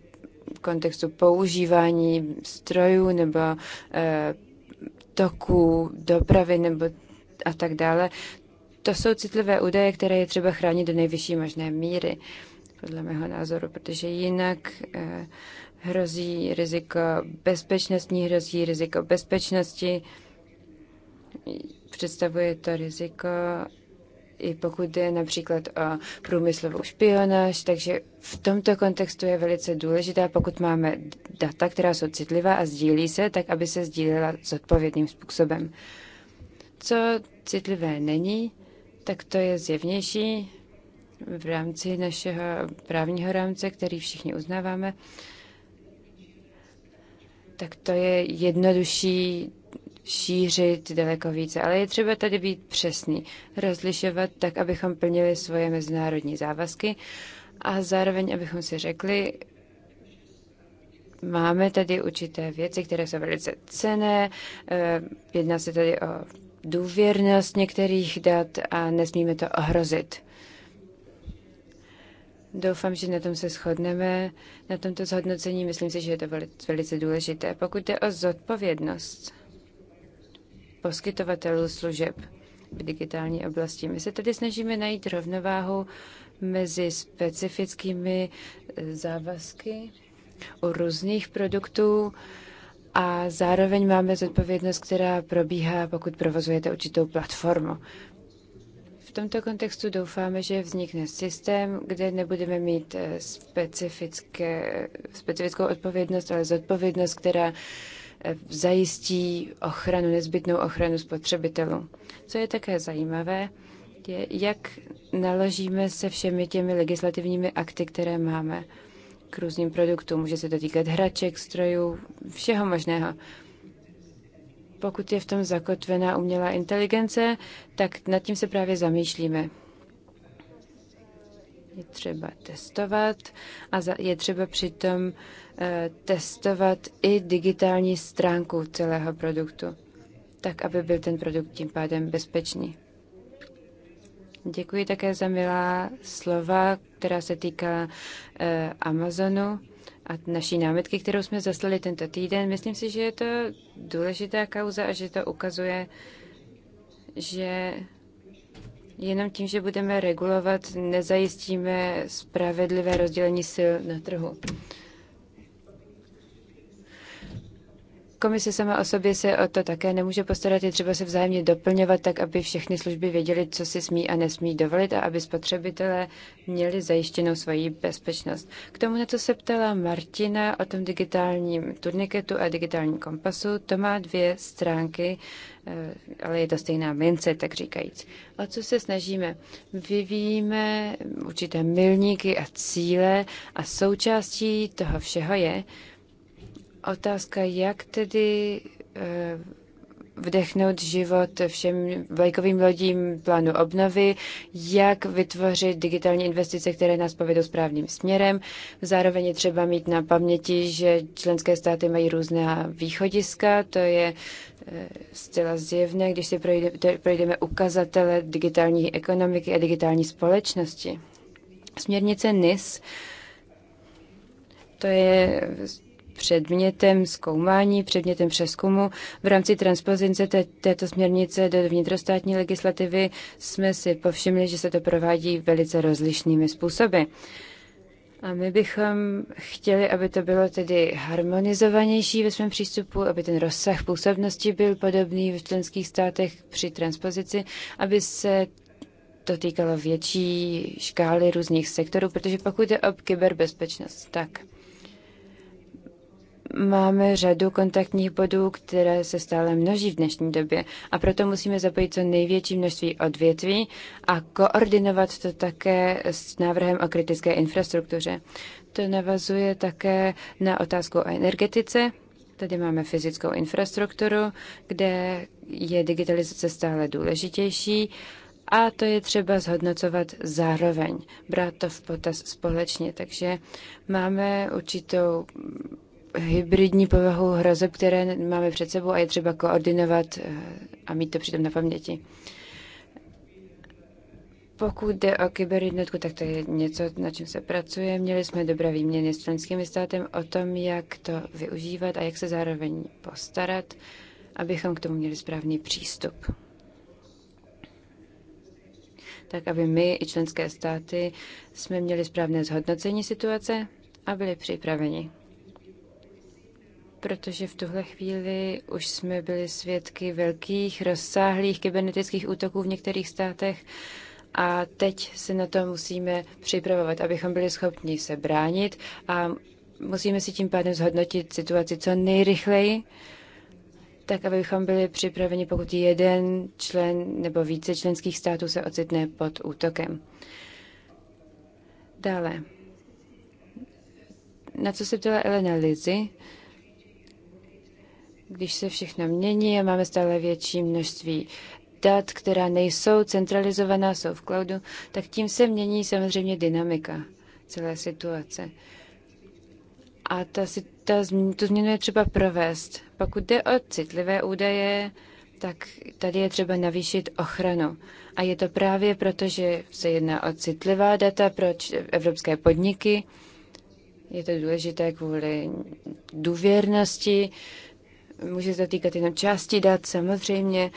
kontextu používání strojů nebo eh, toku dopravy nebo a tak dále. To jsou citlivé údaje, které je třeba chránit do nejvyšší možné míry, podle mého názoru, protože jinak eh, hrozí riziko bezpečnostní, hrozí riziko bezpečnosti, představuje to riziko i pokud jde například o průmyslovou špionáž, takže v tomto kontextu je velice důležitá, pokud máme data, která jsou citlivá a sdílí se, tak aby se sdílela zodpovědným způsobem. Co citlivé není, tak to je zjevnější v rámci našeho právního rámce, který všichni uznáváme. Tak to je jednodušší šířit daleko více, ale je třeba tady být přesný, rozlišovat tak, abychom plnili svoje mezinárodní závazky a zároveň, abychom si řekli, máme tady určité věci, které jsou velice cené, eh, jedná se tady o důvěrnost některých dat a nesmíme to ohrozit. Doufám, že na tom se shodneme, na tomto zhodnocení. Myslím si, že je to velice důležité. Pokud jde o zodpovědnost poskytovatelů služeb v digitální oblasti, my se tady snažíme najít rovnováhu mezi specifickými závazky u různých produktů, a zároveň máme zodpovědnost, která probíhá, pokud provozujete určitou platformu. V tomto kontextu doufáme, že vznikne systém, kde nebudeme mít eh, specifické, specifickou odpovědnost, ale zodpovědnost, která eh, zajistí ochranu, nezbytnou ochranu spotřebitelů. Co je také zajímavé, je, jak naložíme se všemi těmi legislativními akty, které máme k různým produktům. Může se to týkat hraček, strojů, všeho možného. Pokud je v tom zakotvená umělá inteligence, tak nad tím se právě zamýšlíme. Je třeba testovat a je třeba přitom eh, testovat i digitální stránku celého produktu, tak aby byl ten produkt tím pádem bezpečný. Děkuji také za milá slova která se týká eh, Amazonu a naší námitky, kterou jsme zaslali tento týden. Myslím si, že je to důležitá kauza a že to ukazuje, že jenom tím, že budeme regulovat, nezajistíme spravedlivé rozdělení sil na trhu. Komise sama o sobě se o to také nemůže postarat, je třeba se vzájemně doplňovat tak, aby všechny služby věděly, co si smí a nesmí dovolit a aby spotřebitelé měli zajištěnou svoji bezpečnost. K tomu, na co se ptala Martina o tom digitálním turniketu a digitálním kompasu, to má dvě stránky, eh, ale je to stejná mince, tak říkajíc. O co se snažíme? Vyvíjíme určité milníky a cíle a součástí toho všeho je, Otázka, jak tedy eh, vdechnout život všem vlajkovým lodím plánu obnovy, jak vytvořit digitální investice, které nás povedou správným směrem. Zároveň je třeba mít na paměti, že členské státy mají různá východiska, to je eh, zcela zjevné, když si projdeme ukazatele digitální ekonomiky a digitální společnosti. Směrnice NIS, to je předmětem zkoumání, předmětem přeskumu. V rámci transpozice té, této směrnice do vnitrostátní legislativy jsme si povšimli, že se to provádí velice rozlišnými způsoby. A my bychom chtěli, aby to bylo tedy harmonizovanější ve svém přístupu, aby ten rozsah působnosti byl podobný v členských státech při transpozici, aby se to týkalo větší škály různých sektorů, protože pokud je o kyberbezpečnost, tak máme řadu kontaktních bodů, které se stále množí v dnešní době a proto musíme zapojit co největší množství odvětví a koordinovat to také s návrhem o kritické infrastruktuře. To navazuje také na otázku o energetice. Tady máme fyzickou infrastrukturu, kde je digitalizace stále důležitější a to je třeba zhodnocovat zároveň, brát to v potaz společně. Takže máme určitou hybridní povahu hrozeb, které máme před sebou a je třeba koordinovat eh, a mít to přitom na paměti. Pokud jde o kyberjednotku, tak to je něco, na čem se pracuje. Měli jsme dobré výměny s členskými státem o tom, jak to využívat a jak se zároveň postarat, abychom k tomu měli správný přístup. Tak, aby my i členské státy jsme měli správné zhodnocení situace a byli připraveni protože v tuhle chvíli už jsme byli svědky velkých, rozsáhlých kybernetických útoků v některých státech a teď se na to musíme připravovat, abychom byli schopni se bránit a musíme si tím pádem zhodnotit situaci co nejrychleji, tak abychom byli připraveni, pokud jeden člen nebo více členských států se ocitne pod útokem. Dále. Na co se ptala Elena Lizy? když se všechno mění a máme stále větší množství dat, která nejsou centralizovaná, jsou v cloudu, tak tím se mění samozřejmě dynamika celé situace. A ta, ta, tu změnu je třeba provést. Pokud jde o citlivé údaje, tak tady je třeba navýšit ochranu. A je to právě proto, že se jedná o citlivá data pro evropské podniky. Je to důležité kvůli důvěrnosti Může se to týkat jenom části dat, samozřejmě.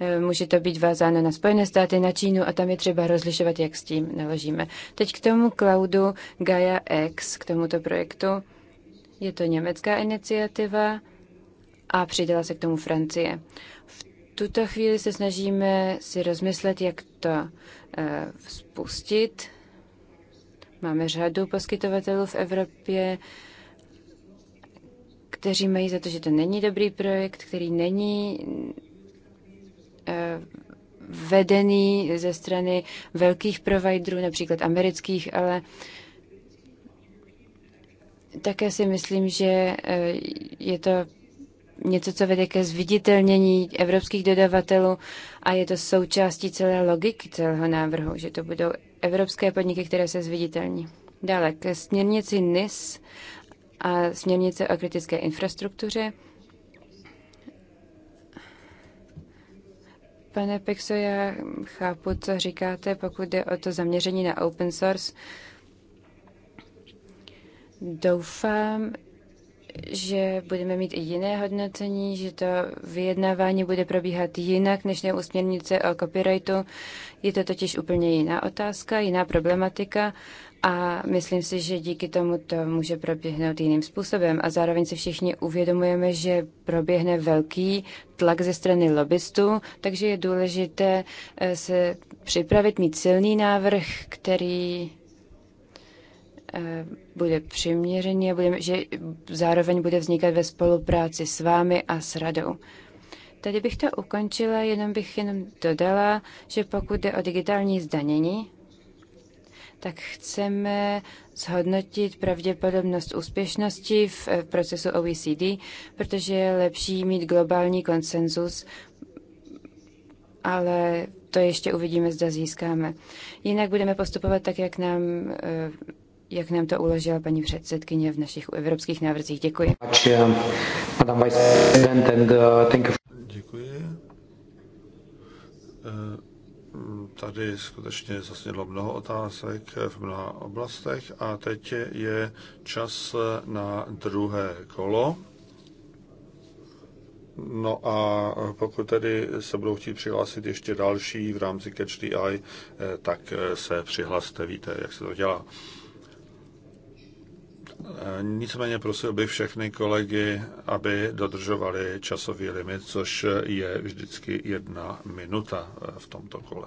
Eh, může to být vázáno na Spojené státy, na Čínu a tam je třeba rozlišovat, jak s tím naložíme. Teď k tomu cloudu Gaia X, k tomuto projektu. Je to německá iniciativa a přidala se k tomu Francie. V tuto chvíli se snažíme si rozmyslet, jak to eh, spustit. Máme řadu poskytovatelů v Evropě, kteří mají za to, že to není dobrý projekt, který není eh, vedený ze strany velkých providerů, například amerických, ale také si myslím, že eh, je to něco, co vede ke zviditelnění evropských dodavatelů a je to součástí celé logiky celého návrhu, že to budou evropské podniky, které se zviditelní. Dále ke směrnici NIS a směrnice o kritické infrastruktuře. Pane Pexo, já chápu, co říkáte, pokud jde o to zaměření na open source. Doufám, že budeme mít i jiné hodnocení, že to vyjednávání bude probíhat jinak než na směrnice o copyrightu. Je to totiž úplně jiná otázka, jiná problematika a myslím si, že díky tomu to může proběhnout jiným způsobem. A zároveň si všichni uvědomujeme, že proběhne velký tlak ze strany lobbystů, takže je důležité eh, se připravit, mít silný návrh, který eh, bude přiměřený a budeme, že zároveň bude vznikat ve spolupráci s vámi a s radou. Tady bych to ukončila, jenom bych jenom dodala, že pokud jde o digitální zdanění, tak chceme zhodnotit pravděpodobnost úspěšnosti v eh, procesu OECD, protože je lepší mít globální konsenzus, ale to ještě uvidíme, zda získáme. Jinak budeme postupovat tak, jak nám eh, jak nám to uložila paní předsedkyně v našich evropských návrzích. Děkuji. Uh, Děkuji. Eh, Tady skutečně zasnělo mnoho otázek v mnoha oblastech a teď je čas na druhé kolo. No a pokud tedy se budou chtít přihlásit ještě další v rámci Catch the Eye, eh, tak eh, se přihlaste, víte, jak se to dělá. Eh, nicméně prosil bych všechny kolegy, aby dodržovali časový limit, což je vždycky jedna minuta v tomto kole.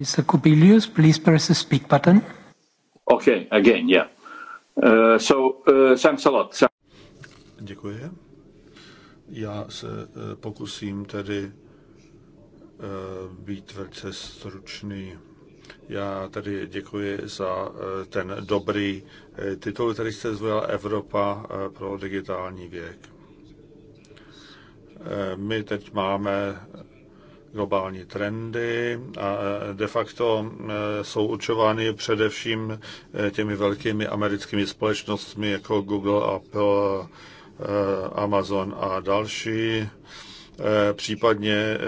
Mr. Kubilius, please press the speak button. Okay, again, yeah. Uh, so, uh, thanks a lot. Děkuji. Já se uh, pokusím tedy uh, být velice stručný. Já tady děkuji za uh, ten dobrý uh, titul, který jste zvolila Evropa uh, pro digitální věk. Uh, my teď máme globální trendy a e, de facto e, jsou určovány především e, těmi velkými americkými společnostmi jako Google, Apple, Amazon a další, případně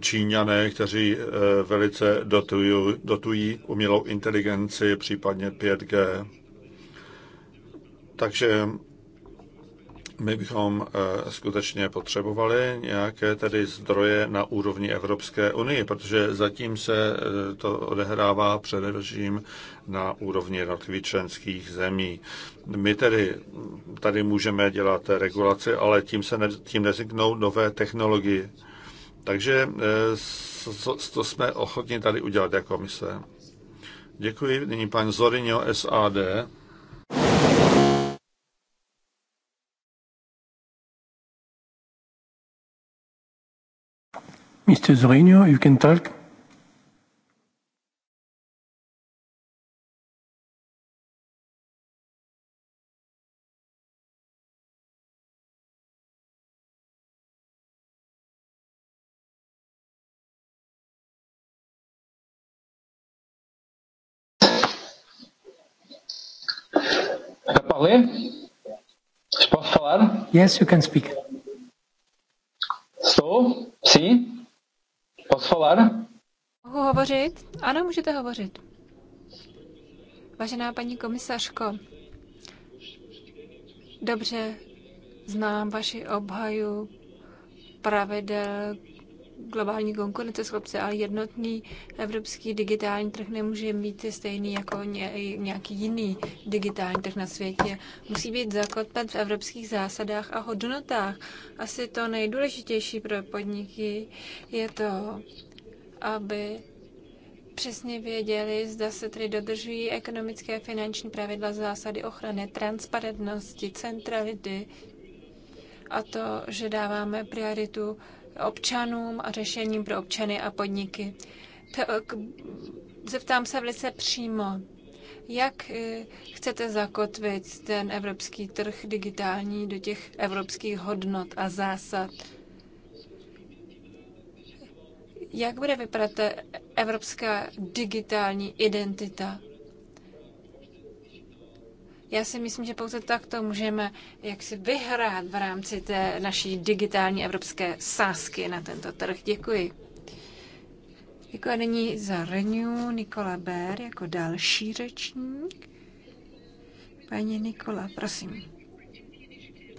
Číňané, kteří velice dotují, dotují umělou inteligenci, případně 5G. Takže my bychom eh, skutečně potřebovali nějaké tedy zdroje na úrovni Evropské unie, protože zatím se eh, to odehrává především na úrovni jednotlivých členských zemí. My tedy hm, tady můžeme dělat regulaci, ale tím se ne, tím neziknou nové technologie. Takže eh, to jsme ochotni tady udělat jako komise. Děkuji. Nyní pan Zorinio SAD. Mr. Zorino, you can talk. Posso falar? Yes, you can speak. Estou? Sim? Posso falar? Mohu hovořit? Ano, můžete hovořit. Vážená paní komisařko, dobře znám vaši obhaju pravidel globální schopce, ale jednotný evropský digitální trh nemůže být stejný jako nějaký jiný digitální trh na světě. Musí být zakotven v evropských zásadách a hodnotách. Asi to nejdůležitější pro podniky je to, aby přesně věděli, zda se tedy dodržují ekonomické a finanční pravidla zásady ochrany, transparentnosti, centrality a to, že dáváme prioritu občanům a řešením pro občany a podniky. Zeptám se velice přímo, jak eh, chcete zakotvit ten evropský trh digitální do těch evropských hodnot a zásad? Jak bude vypadat evropská digitální identita? Já si myslím, že pouze tak to můžeme jaksi vyhrát v rámci té naší digitální evropské sásky na tento trh. Děkuji. Jako a nyní za Renew Nikola Bér jako další řečník. Paní Nikola, prosím. Eh,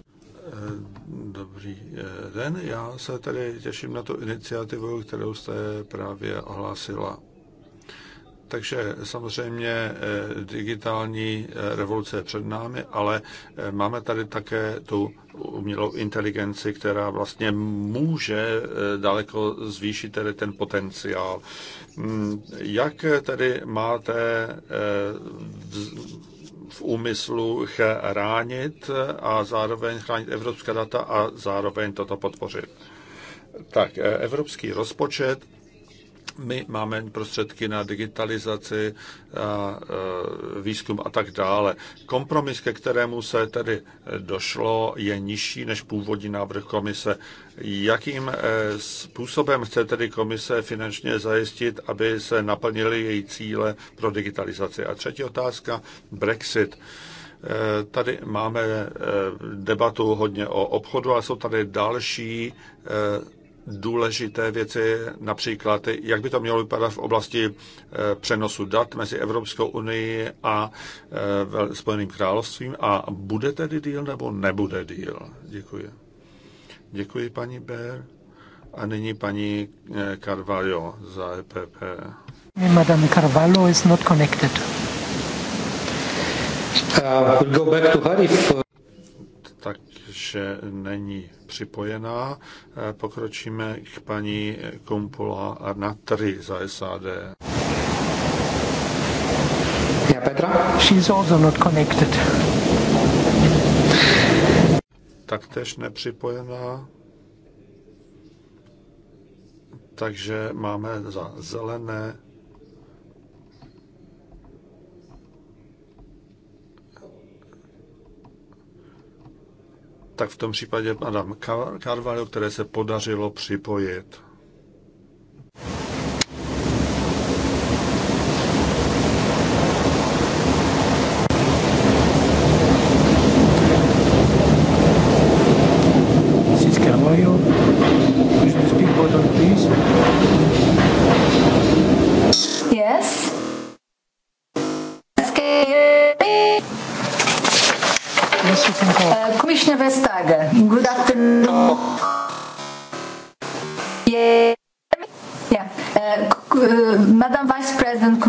dobrý eh, den, já se tady těším na tu iniciativu, kterou jste právě ohlásila. Takže samozřejmě eh, digitální eh, revoluce je před námi, ale eh, máme tady také tu umělou inteligenci, která vlastně může daleko zvýšit tedy ten potenciál. Hmm, jak tedy máte v úmyslu chránit a zároveň chránit evropská data a zároveň toto podpořit? Tak, evropský rozpočet my máme prostředky na digitalizaci, a výzkum a tak dále. Kompromis, ke kterému se tedy došlo, je nižší než původní návrh komise. Jakým e, způsobem chce tedy komise finančně zajistit, aby se naplnily její cíle pro digitalizaci? A třetí otázka, Brexit. E, tady máme e, debatu hodně o obchodu, ale jsou tady další důležité věci, například jak by to mělo vypadat v oblasti eh, přenosu dat mezi Evropskou unii a eh, Spojeným královstvím a bude tedy díl nebo nebude díl. Děkuji. Děkuji paní Bér. A nyní paní eh, Carvalho za EPP. Madame Carvalho is not connected. Uh, we'll go back to Harif. Takže není připojená. Eh, pokročíme k paní Kumpula na 3 za SAD. Yeah, Petra? She's also not connected. Taktéž nepřipojená. Takže máme za zelené tak v tom případě Adam Carvalho, které se podařilo připojit.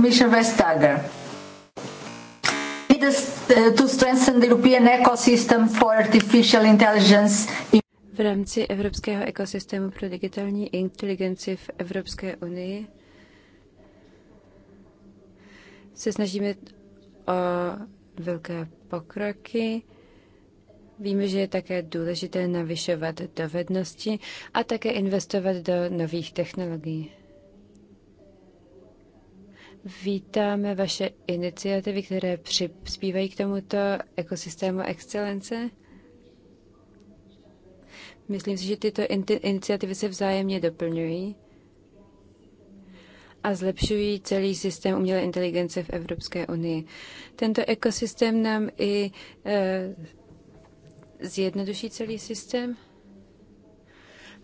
Misha Vestager. Need eh, to strengthen the European ecosystem for artificial intelligence in v rámci Evropského ekosystému pro digitální inteligenci v Evropské unii se snažíme o velké pokroky. Víme, že je také důležité navyšovat dovednosti a také investovat do nových technologií. Vítáme vaše iniciativy, které přispívají k tomuto ekosystému excelence. Myslím si, že tyto iniciativy se vzájemně doplňují a zlepšují celý systém umělé inteligence v Evropské unii. Tento ekosystém nám i e, zjednoduší celý systém.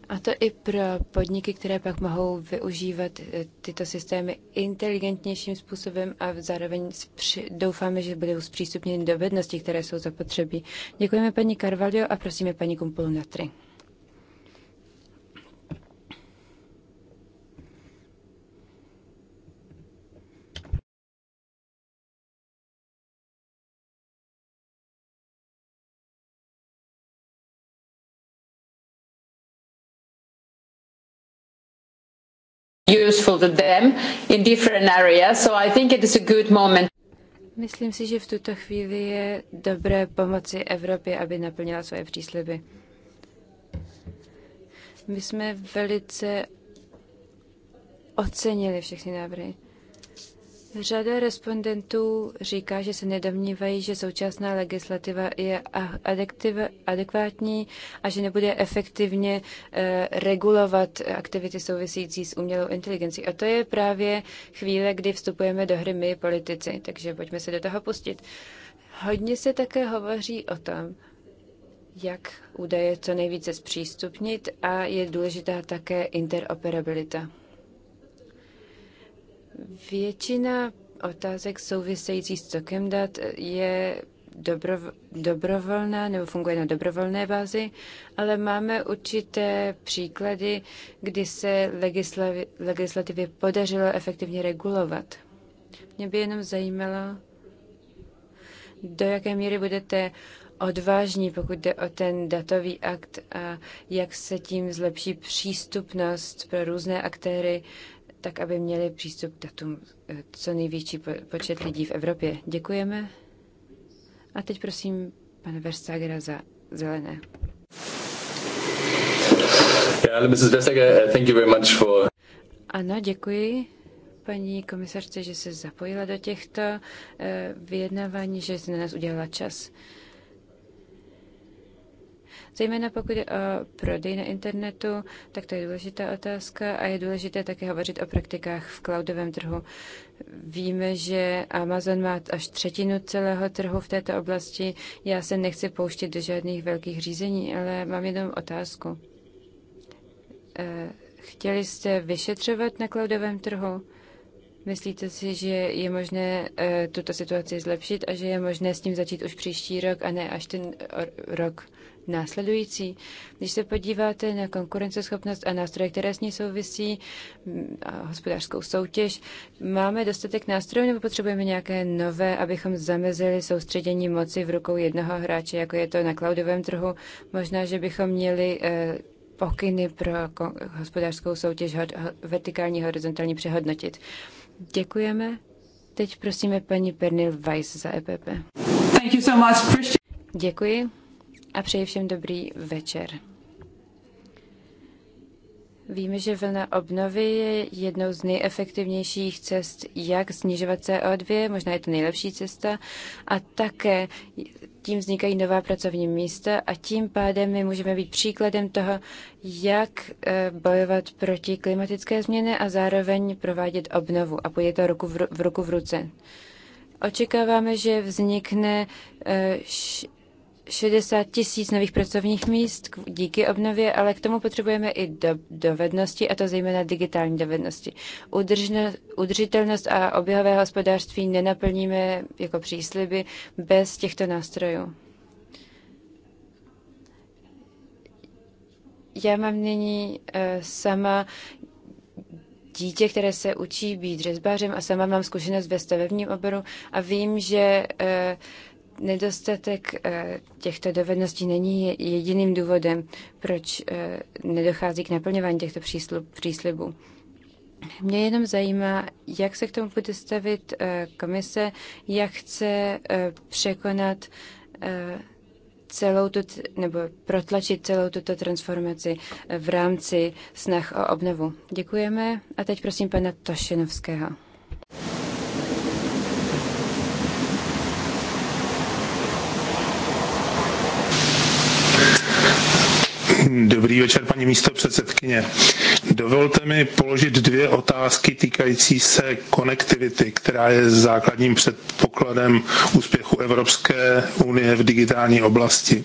A to i pro podniky, které pak mohou využívat eh, tyto systémy inteligentnějším způsobem a zároveň doufáme, že budou zpřístupněny dovednosti, které jsou zapotřebí. Děkujeme paní Carvalho a prosíme paní Kumpulu Natry. useful to them in different areas. So I think it is a good moment. Myslím si, že v tuto chvíli je dobré pomoci Evropě, aby naplnila svoje přísliby. My jsme velice ocenili všechny návrhy. Řada respondentů říká, že se nedomnívají, že současná legislativa je adekvátní a že nebude efektivně eh, regulovat aktivity související s umělou inteligencí. A to je právě chvíle, kdy vstupujeme do hry my, politici, takže pojďme se do toho pustit. Hodně se také hovoří o tom, jak údaje co nejvíce zpřístupnit a je důležitá také interoperabilita. Většina otázek související s tokem dat je dobro, dobrovolná nebo funguje na dobrovolné bázi, ale máme určité příklady, kdy se legislativě, legislativě podařilo efektivně regulovat. Mě by jenom zajímalo, do jaké míry budete odvážní, pokud jde o ten datový akt a jak se tím zlepší přístupnost pro různé aktéry tak aby měli přístup k datům eh, co největší počet lidí v Evropě. Děkujeme. A teď prosím pana Verstagera za zelené. Uh, ano, děkuji paní komisařce, že se zapojila do těchto eh, vyjednávání, že jste na nás udělala čas. Zejména pokud je o prodej na internetu, tak to je důležitá otázka a je důležité také hovořit o praktikách v cloudovém trhu. Víme, že Amazon má až třetinu celého trhu v této oblasti. Já se nechci pouštět do žádných velkých řízení, ale mám jenom otázku. Eh, chtěli jste vyšetřovat na cloudovém trhu? Myslíte si, že je možné eh, tuto situaci zlepšit a že je možné s tím začít už příští rok a ne až ten rok? následující. Když se podíváte na konkurenceschopnost a nástroje, které s ní souvisí, mm, a hospodářskou soutěž, máme dostatek nástrojů nebo potřebujeme nějaké nové, abychom zamezili soustředění moci v rukou jednoho hráče, jako je to na cloudovém trhu. Možná, že bychom měli eh, pokyny pro hospodářskou soutěž vertikální horizontální přehodnotit. Děkujeme. Teď prosíme paní Pernil Weiss za EPP. Thank you so much. Děkuji a přeji všem dobrý večer. Víme, že vlna obnovy je jednou z nejefektivnějších cest, jak snižovat CO2, možná je to nejlepší cesta, a také tím vznikají nová pracovní místa a tím pádem my můžeme být příkladem toho, jak eh, bojovat proti klimatické změně a zároveň provádět obnovu. A půjde to roku v, v ruku v ruce. Očekáváme, že vznikne eh, 60 tisíc nových pracovních míst díky obnově, ale k tomu potřebujeme i do, dovednosti, a to zejména digitální dovednosti. Udržno, udržitelnost a oběhové hospodářství nenaplníme jako přísliby bez těchto nástrojů. Já mám nyní uh, sama dítě, které se učí být řezbářem a sama mám zkušenost ve stavebním oboru a vím, že uh, Nedostatek eh, těchto dovedností není jediným důvodem, proč eh, nedochází k naplňování těchto příslibů. Mě jenom zajímá, jak se k tomu bude stavit eh, komise, jak chce překonat celou tu, nebo protlačit celou tuto transformaci v rámci snah o obnovu. Děkujeme a teď prosím pana Tošenovského. Dobrý večer, paní místo předsedkyně. Dovolte mi položit dvě otázky týkající se konektivity, která je základním předpokladem úspěchu Evropské unie v digitální oblasti.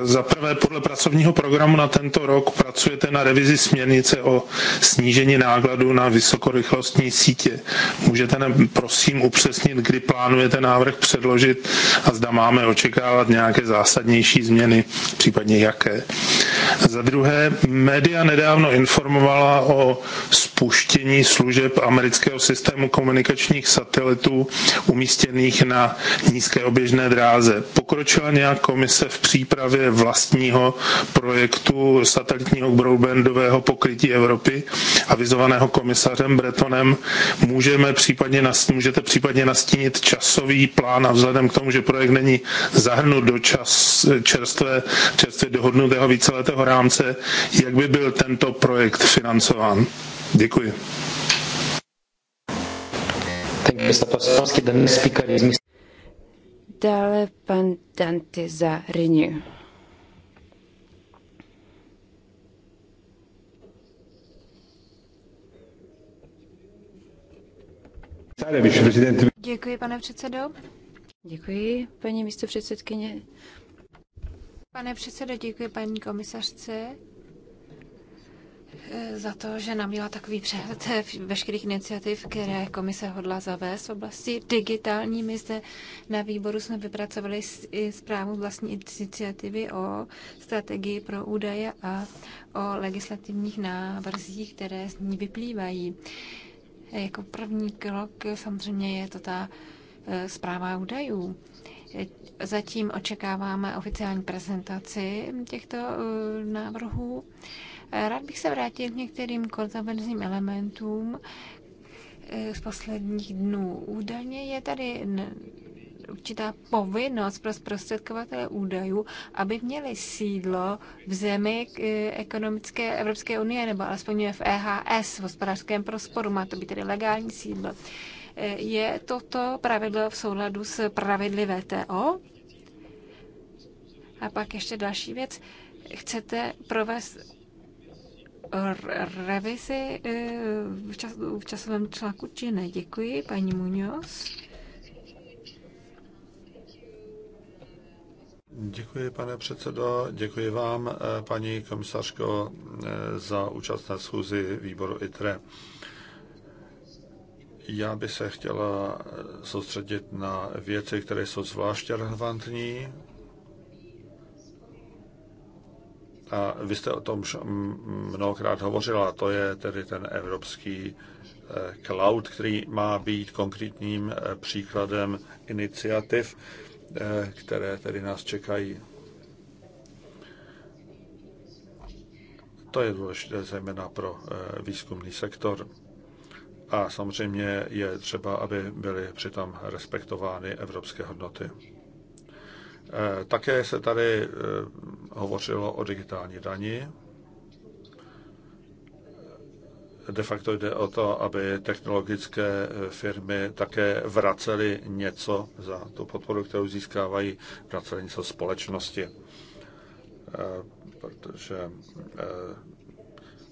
Za prvé, podle pracovního programu na tento rok pracujete na revizi směrnice o snížení nákladů na vysokorychlostní sítě. Můžete nám prosím upřesnit, kdy plánujete návrh předložit a zda máme očekávat nějaké zásadnější změny, případně jaké. Za druhé, média nedávno nedávno informovala o spuštění služeb amerického systému komunikačních satelitů umístěných na nízké oběžné dráze. Pokročila nějak komise v přípravě vlastního projektu satelitního broadbandového pokrytí Evropy avizovaného komisařem Bretonem. Můžeme případně nastínit, můžete případně nastínit časový plán a vzhledem k tomu, že projekt není zahrnut do čas čerstvé, čerstvě dohodnutého víceletého rámce, jak by byl tento projekt financován. Děkuji. Dále pan Dante za Renew. Děkuji, pane předsedo. Děkuji, paní místo předsedkyně. Pane předsedo, děkuji paní komisařce. Eh, za to, že nám měla takový přehled eh, veškerých iniciativ, které komise hodla zavést v oblasti digitální. My zde na výboru jsme vypracovali zprávu vlastní iniciativy o strategii pro údaje a o legislativních návrzích, které z ní vyplývají. Eh, jako první krok samozřejmě je to ta zpráva údajů. Zatím očekáváme oficiální prezentaci těchto návrhů. Rád bych se vrátil k některým kontroverzním elementům eh, z posledních dnů. Údajně je tady určitá povinnost pro zprostředkovatele údajů, aby měli sídlo v zemi eh, ekonomické Evropské unie, nebo alespoň v EHS, v hospodářském prosporu. Má to být tedy legální sídlo. Eh, je toto pravidlo v souladu s pravidly VTO? A pak ještě další věc. Chcete provést revizi e, v, čas, v časovém článku či ne. Děkuji, paní Muñoz. Děkuji, pane předsedo. Děkuji vám, e, paní komisařko, e, za účast na schůzi výboru ITRE. Já bych se chtěla soustředit na věci, které jsou zvláště relevantní a vy jste o tom mnohokrát hovořila, to je tedy ten evropský e, cloud, který má být konkrétním e, příkladem iniciativ, e, které tedy nás čekají. To je důležité zejména pro výzkumný sektor. A samozřejmě je třeba, aby byly přitom respektovány evropské hodnoty. Eh, také se tady eh, hovořilo o digitální dani. De facto jde o to, aby technologické eh, firmy také vracely něco za tu podporu, kterou získávají, vracely něco společnosti. Protože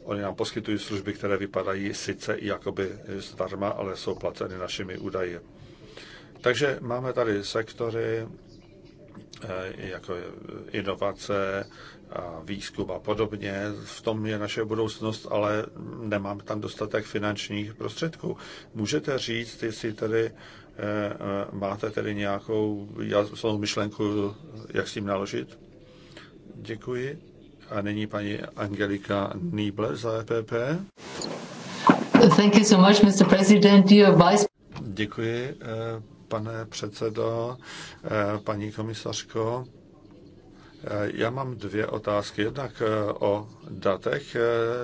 Oni nám poskytují služby, které vypadají sice jakoby zdarma, ale jsou placeny našimi údaji. Takže máme tady sektory, Eh, jako inovace, a výzkum a podobně. V tom je naše budoucnost, ale nemám tam dostatek finančních prostředků. Můžete říct, jestli tady eh, eh, máte tedy nějakou jasnou myšlenku, jak s tím naložit? Děkuji. A nyní paní Angelika Niebler za EPP. Thank you so much, Mr. President, dear Vice Děkuji, pane předsedo, eh, paní komisařko. Eh, já mám dvě otázky. Jednak eh, o datech.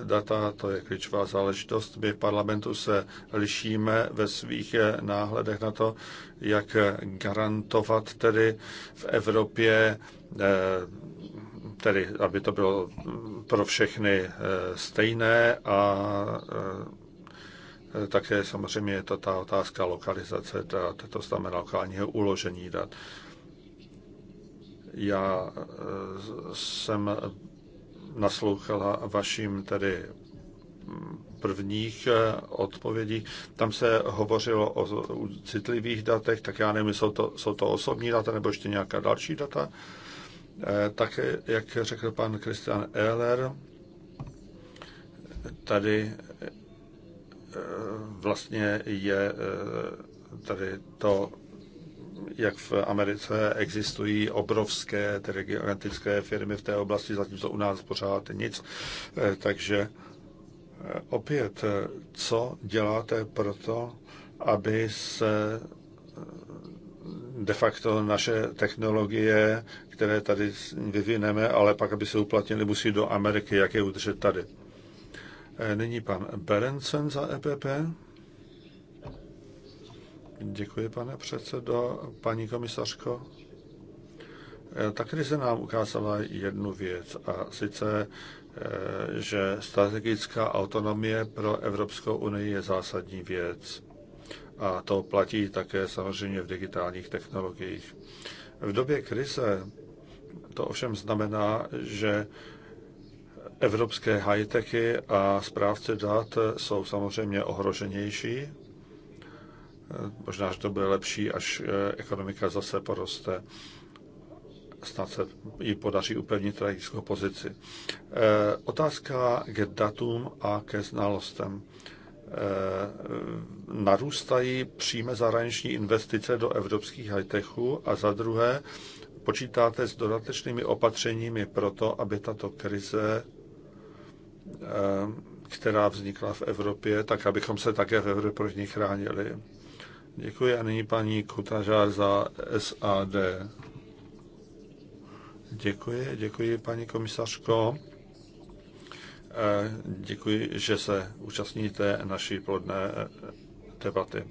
Data to je klíčová záležitost. My v parlamentu se lišíme ve svých náhledech na to, jak garantovat tedy v Evropě tedy aby to bylo pro všechny stejné a Eh, také samozřejmě je to ta otázka lokalizace dat, to znamená lokálního uložení dat. Já eh, jsem naslouchala vašim tedy hm, prvních eh, odpovědí. Tam se hovořilo o citlivých datech, tak já nevím, jsou to, jsou to osobní data nebo ještě nějaká další data. Tak, jak řekl pan Christian Ehler, tady Eh, vlastně je eh, tady to, jak v Americe existují obrovské tedy gigantické firmy v té oblasti, zatímco u nás pořád nic. Eh, takže opět, co děláte pro to, aby se de facto naše technologie, které tady vyvineme, ale pak, aby se uplatnili, musí do Ameriky, jak je udržet tady. Eh, nyní pan Berencen za EPP. Děkuji, pane předsedo. Paní komisařko, eh, ta se nám ukázala jednu věc, a sice, eh, že strategická autonomie pro Evropskou unii je zásadní věc. A to platí také samozřejmě v digitálních technologiích. V době krize to ovšem znamená, že Evropské high-techy a správce dat jsou samozřejmě ohroženější. Možná, že to bude lepší, až eh, ekonomika zase poroste. Snad se ji podaří upevnit strategickou pozici. Eh, otázka k datům a ke znalostem eh, narůstají přímé zahraniční investice do evropských high-techů a za druhé počítáte s dodatečnými opatřeními pro to, aby tato krize Eh, která vznikla v Evropě, tak abychom se také v Evropě proti ní chránili. Děkuji a nyní paní Kutažár za SAD. Děkuji, děkuji paní komisařko. Eh, děkuji, že se účastníte naší plodné eh, debaty.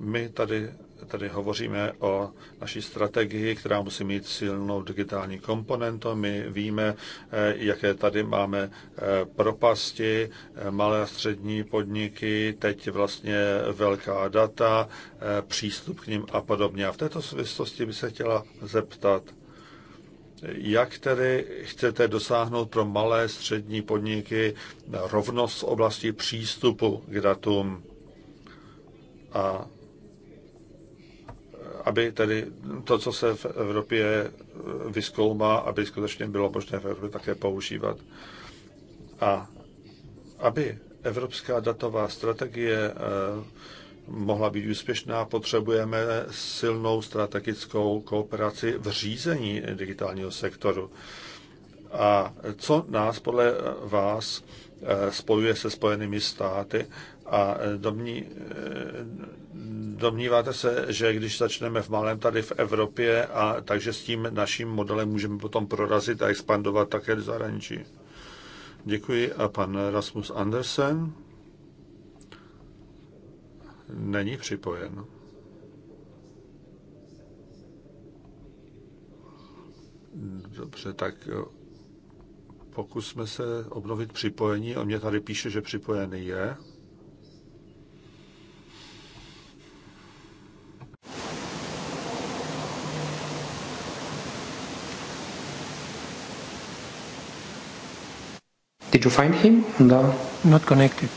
My tady tady hovoříme o naší strategii, která musí mít silnou digitální komponentu. My víme, eh, jaké tady máme eh, propasti, eh, malé a střední podniky, teď vlastně velká data, přístup k ním a podobně. A v této souvislosti by se chtěla zeptat, jak tedy chcete dosáhnout pro malé střední podniky rovnost v oblasti přístupu k datům a aby tedy to, co se v Evropě eh, vyskoumá, aby skutečně bylo možné v Evropě také používat. A aby evropská datová strategie eh, mohla být úspěšná, potřebujeme silnou strategickou kooperaci v řízení digitálního sektoru. A co nás podle vás eh, spojuje se Spojenými státy a e, domní, e, domníváte se, že když začneme v malém tady v Evropě, a takže s tím naším modelem můžeme potom prorazit a expandovat také do zahraničí? Děkuji. A pan Rasmus Andersen není připojen. Dobře, tak e, pokusme se obnovit připojení. On mě tady píše, že připojený je. Did you find him? No. Not connected.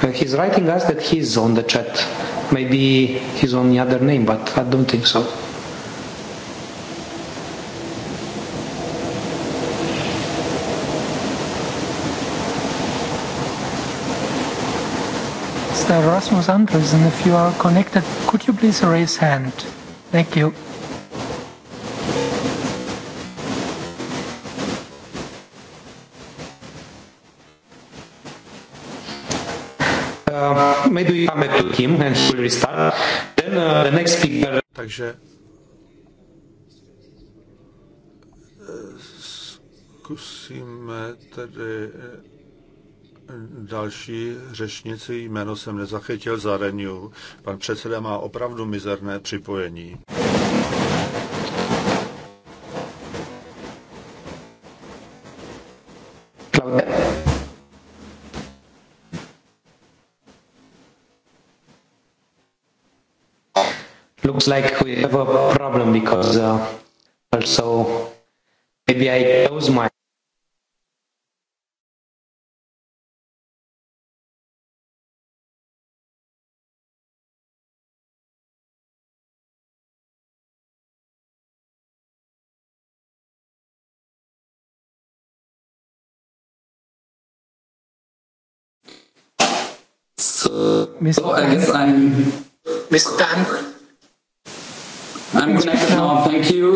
Uh, he's writing us that he's on the chat. Maybe he's on the other name, but I don't think so. Mr. Rasmus Andres, and if you are connected, could you please raise hand? Thank you. maybe we come to him and he will restart. Then uh, eh, the next speaker... Takže eh, zkusíme tedy eh, další řečnici, jméno jsem nezachytil za Renew. Pan předseda má opravdu mizerné připojení. looks like we have a problem because uh, also maybe I close my So, so I guess I'm Mr. Hank. I'm connected now, thank you.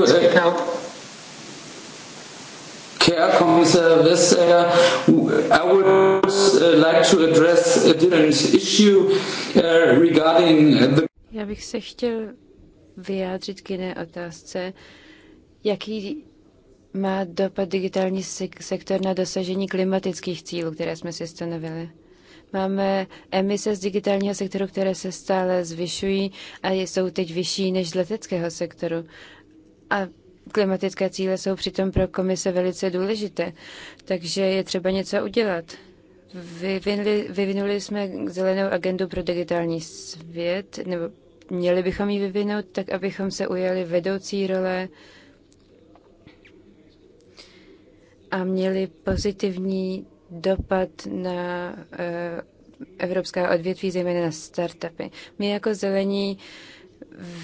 Care Service, uh, I would uh, like to address a different issue uh, regarding the... Já bych se chtěl vyjádřit k jiné otázce. Jaký má dopad digitální sektor na dosažení klimatických cílů, které jsme si stanovili? Máme emise z digitálního sektoru, které se stále zvyšují a jsou teď vyšší než z leteckého sektoru. A klimatické cíle jsou přitom pro komise velice důležité, takže je třeba něco udělat. Vyvinuli, vyvinuli jsme zelenou agendu pro digitální svět, nebo měli bychom ji vyvinout tak, abychom se ujali vedoucí role a měli pozitivní dopad na eh, evropská odvětví, zejména na startupy. My jako zelení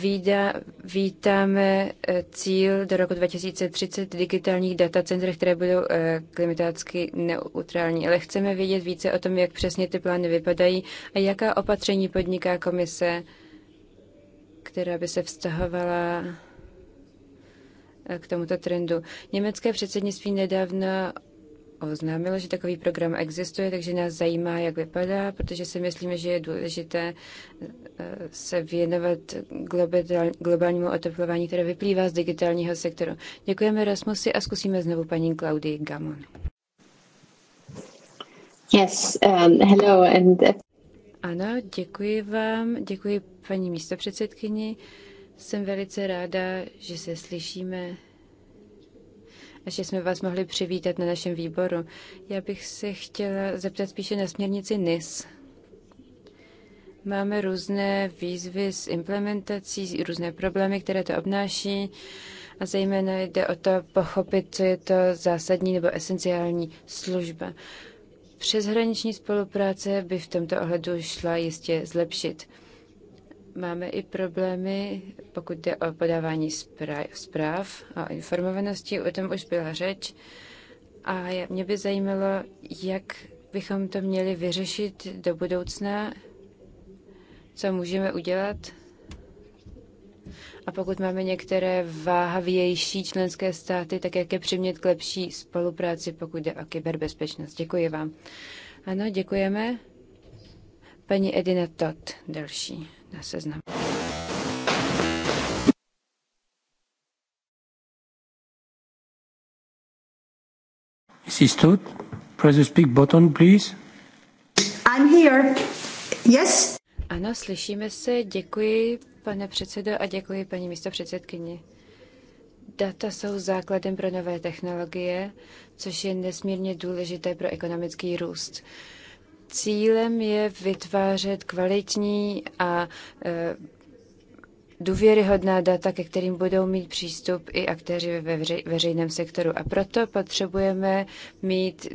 Vída, vítáme eh, cíl do roku 2030 digitálních datacenter, které budou eh, klimaticky neutrální, ale chceme vědět více o tom, jak přesně ty plány vypadají a jaká opatření podniká komise, která by se vztahovala k tomuto trendu. Německé předsednictví nedávno oznámilo, že takový program existuje, takže nás zajímá, jak vypadá, protože si myslíme, že je důležité eh, se věnovat globálnímu oteplování, které vyplývá z digitálního sektoru. Děkujeme Rasmusi a zkusíme znovu paní Klaudii Gamon. Yes, um, hello and... Uh, ano, děkuji vám, děkuji paní místopředsedkyni. Jsem velice ráda, že se slyšíme a že jsme vás mohli přivítat na našem výboru. Já bych se chtěla zeptat spíše na směrnici NIS. Máme různé výzvy s implementací, různé problémy, které to obnáší a zejména jde o to pochopit, co je to zásadní nebo esenciální služba. Přeshraniční spolupráce by v tomto ohledu šla jistě zlepšit máme i problémy, pokud jde o podávání zpráv a informovanosti, o tom už byla řeč. A mě by zajímalo, jak bychom to měli vyřešit do budoucna, co můžeme udělat. A pokud máme některé váhavější členské státy, tak jak je přimět k lepší spolupráci, pokud jde o kyberbezpečnost. Děkuji vám. Ano, děkujeme. Paní Edina Tot, další na seznam Mrs. Toot, press the speak button, please. I'm here. Yes. Ano, slyšíme se. Děkuji, pane předsedo, a děkuji, paní místopředsedkyni. Data jsou základem pro nové technologie, což je nesmírně důležité pro ekonomický růst. Cílem je vytvářet kvalitní a e, důvěryhodná data, ke kterým budou mít přístup i aktéři ve veřejném sektoru. A proto potřebujeme mít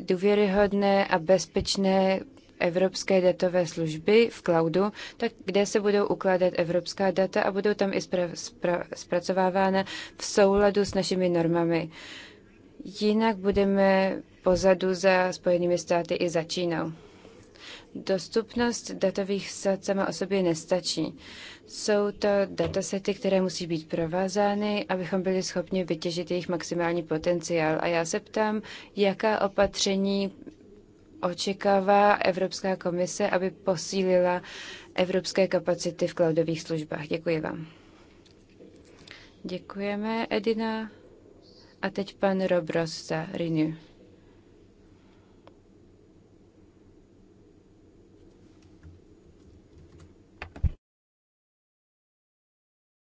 důvěryhodné a bezpečné evropské datové služby v cloudu, tak kde se budou ukládat evropská data a budou tam i zpracovávána v souladu s našimi normami. Uh, Jinak budeme pozadu za Spojenými státy i za Čínou. Dostupnost datových sad sama o sobě nestačí. Jsou to datasety, které musí být provázány, abychom byli schopni vytěžit jejich maximální potenciál. A já se ptám, jaká opatření očekává Evropská komise, aby posílila evropské kapacity v cloudových službách. Děkuji vám. Děkujeme, Edina. A teď pan Rob za Rinu.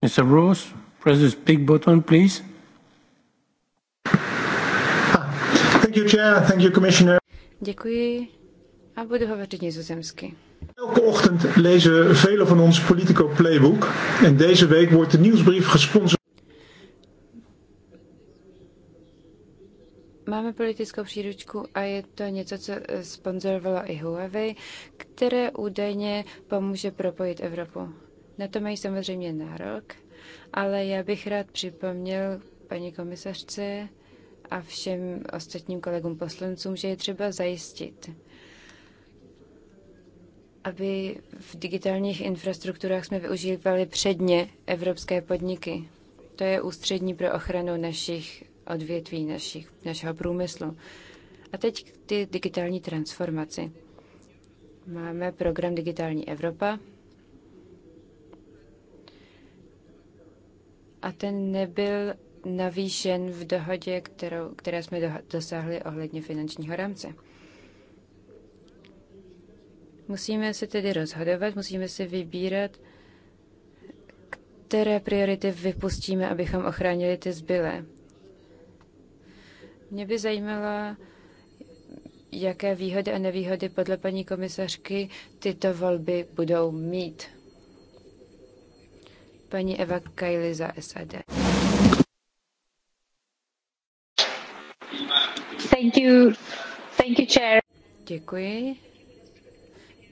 Mr. Rose, press the speak button, please. Thank you, Chair. Thank you, Commissioner. Děkuji a budu hovořit nizozemsky. Elke ochtend lezen velen van ons Politico Playbook en deze week wordt de nieuwsbrief gesponsord. Máme politickou příručku a je to něco, co eh, sponzorovalo i Huawei, které údajně pomůže propojit Evropu. Na to mají samozřejmě nárok, ale já bych rád připomněl paní komisařce a všem ostatním kolegům poslancům, že je třeba zajistit, aby v digitálních infrastrukturách jsme využívali předně evropské podniky. To je ústřední pro ochranu našich odvětví našich, našeho průmyslu. A teď ty digitální transformaci. Máme program Digitální Evropa, a ten nebyl navýšen v dohodě, kterou, které jsme dosáhli ohledně finančního rámce. Musíme se tedy rozhodovat, musíme se vybírat, které priority vypustíme, abychom ochránili ty zbylé. Mě by zajímala, jaké výhody a nevýhody podle paní komisařky tyto volby budou mít. Paní Eva Kajli za SAD. Thank you. Thank you, chair. Děkuji.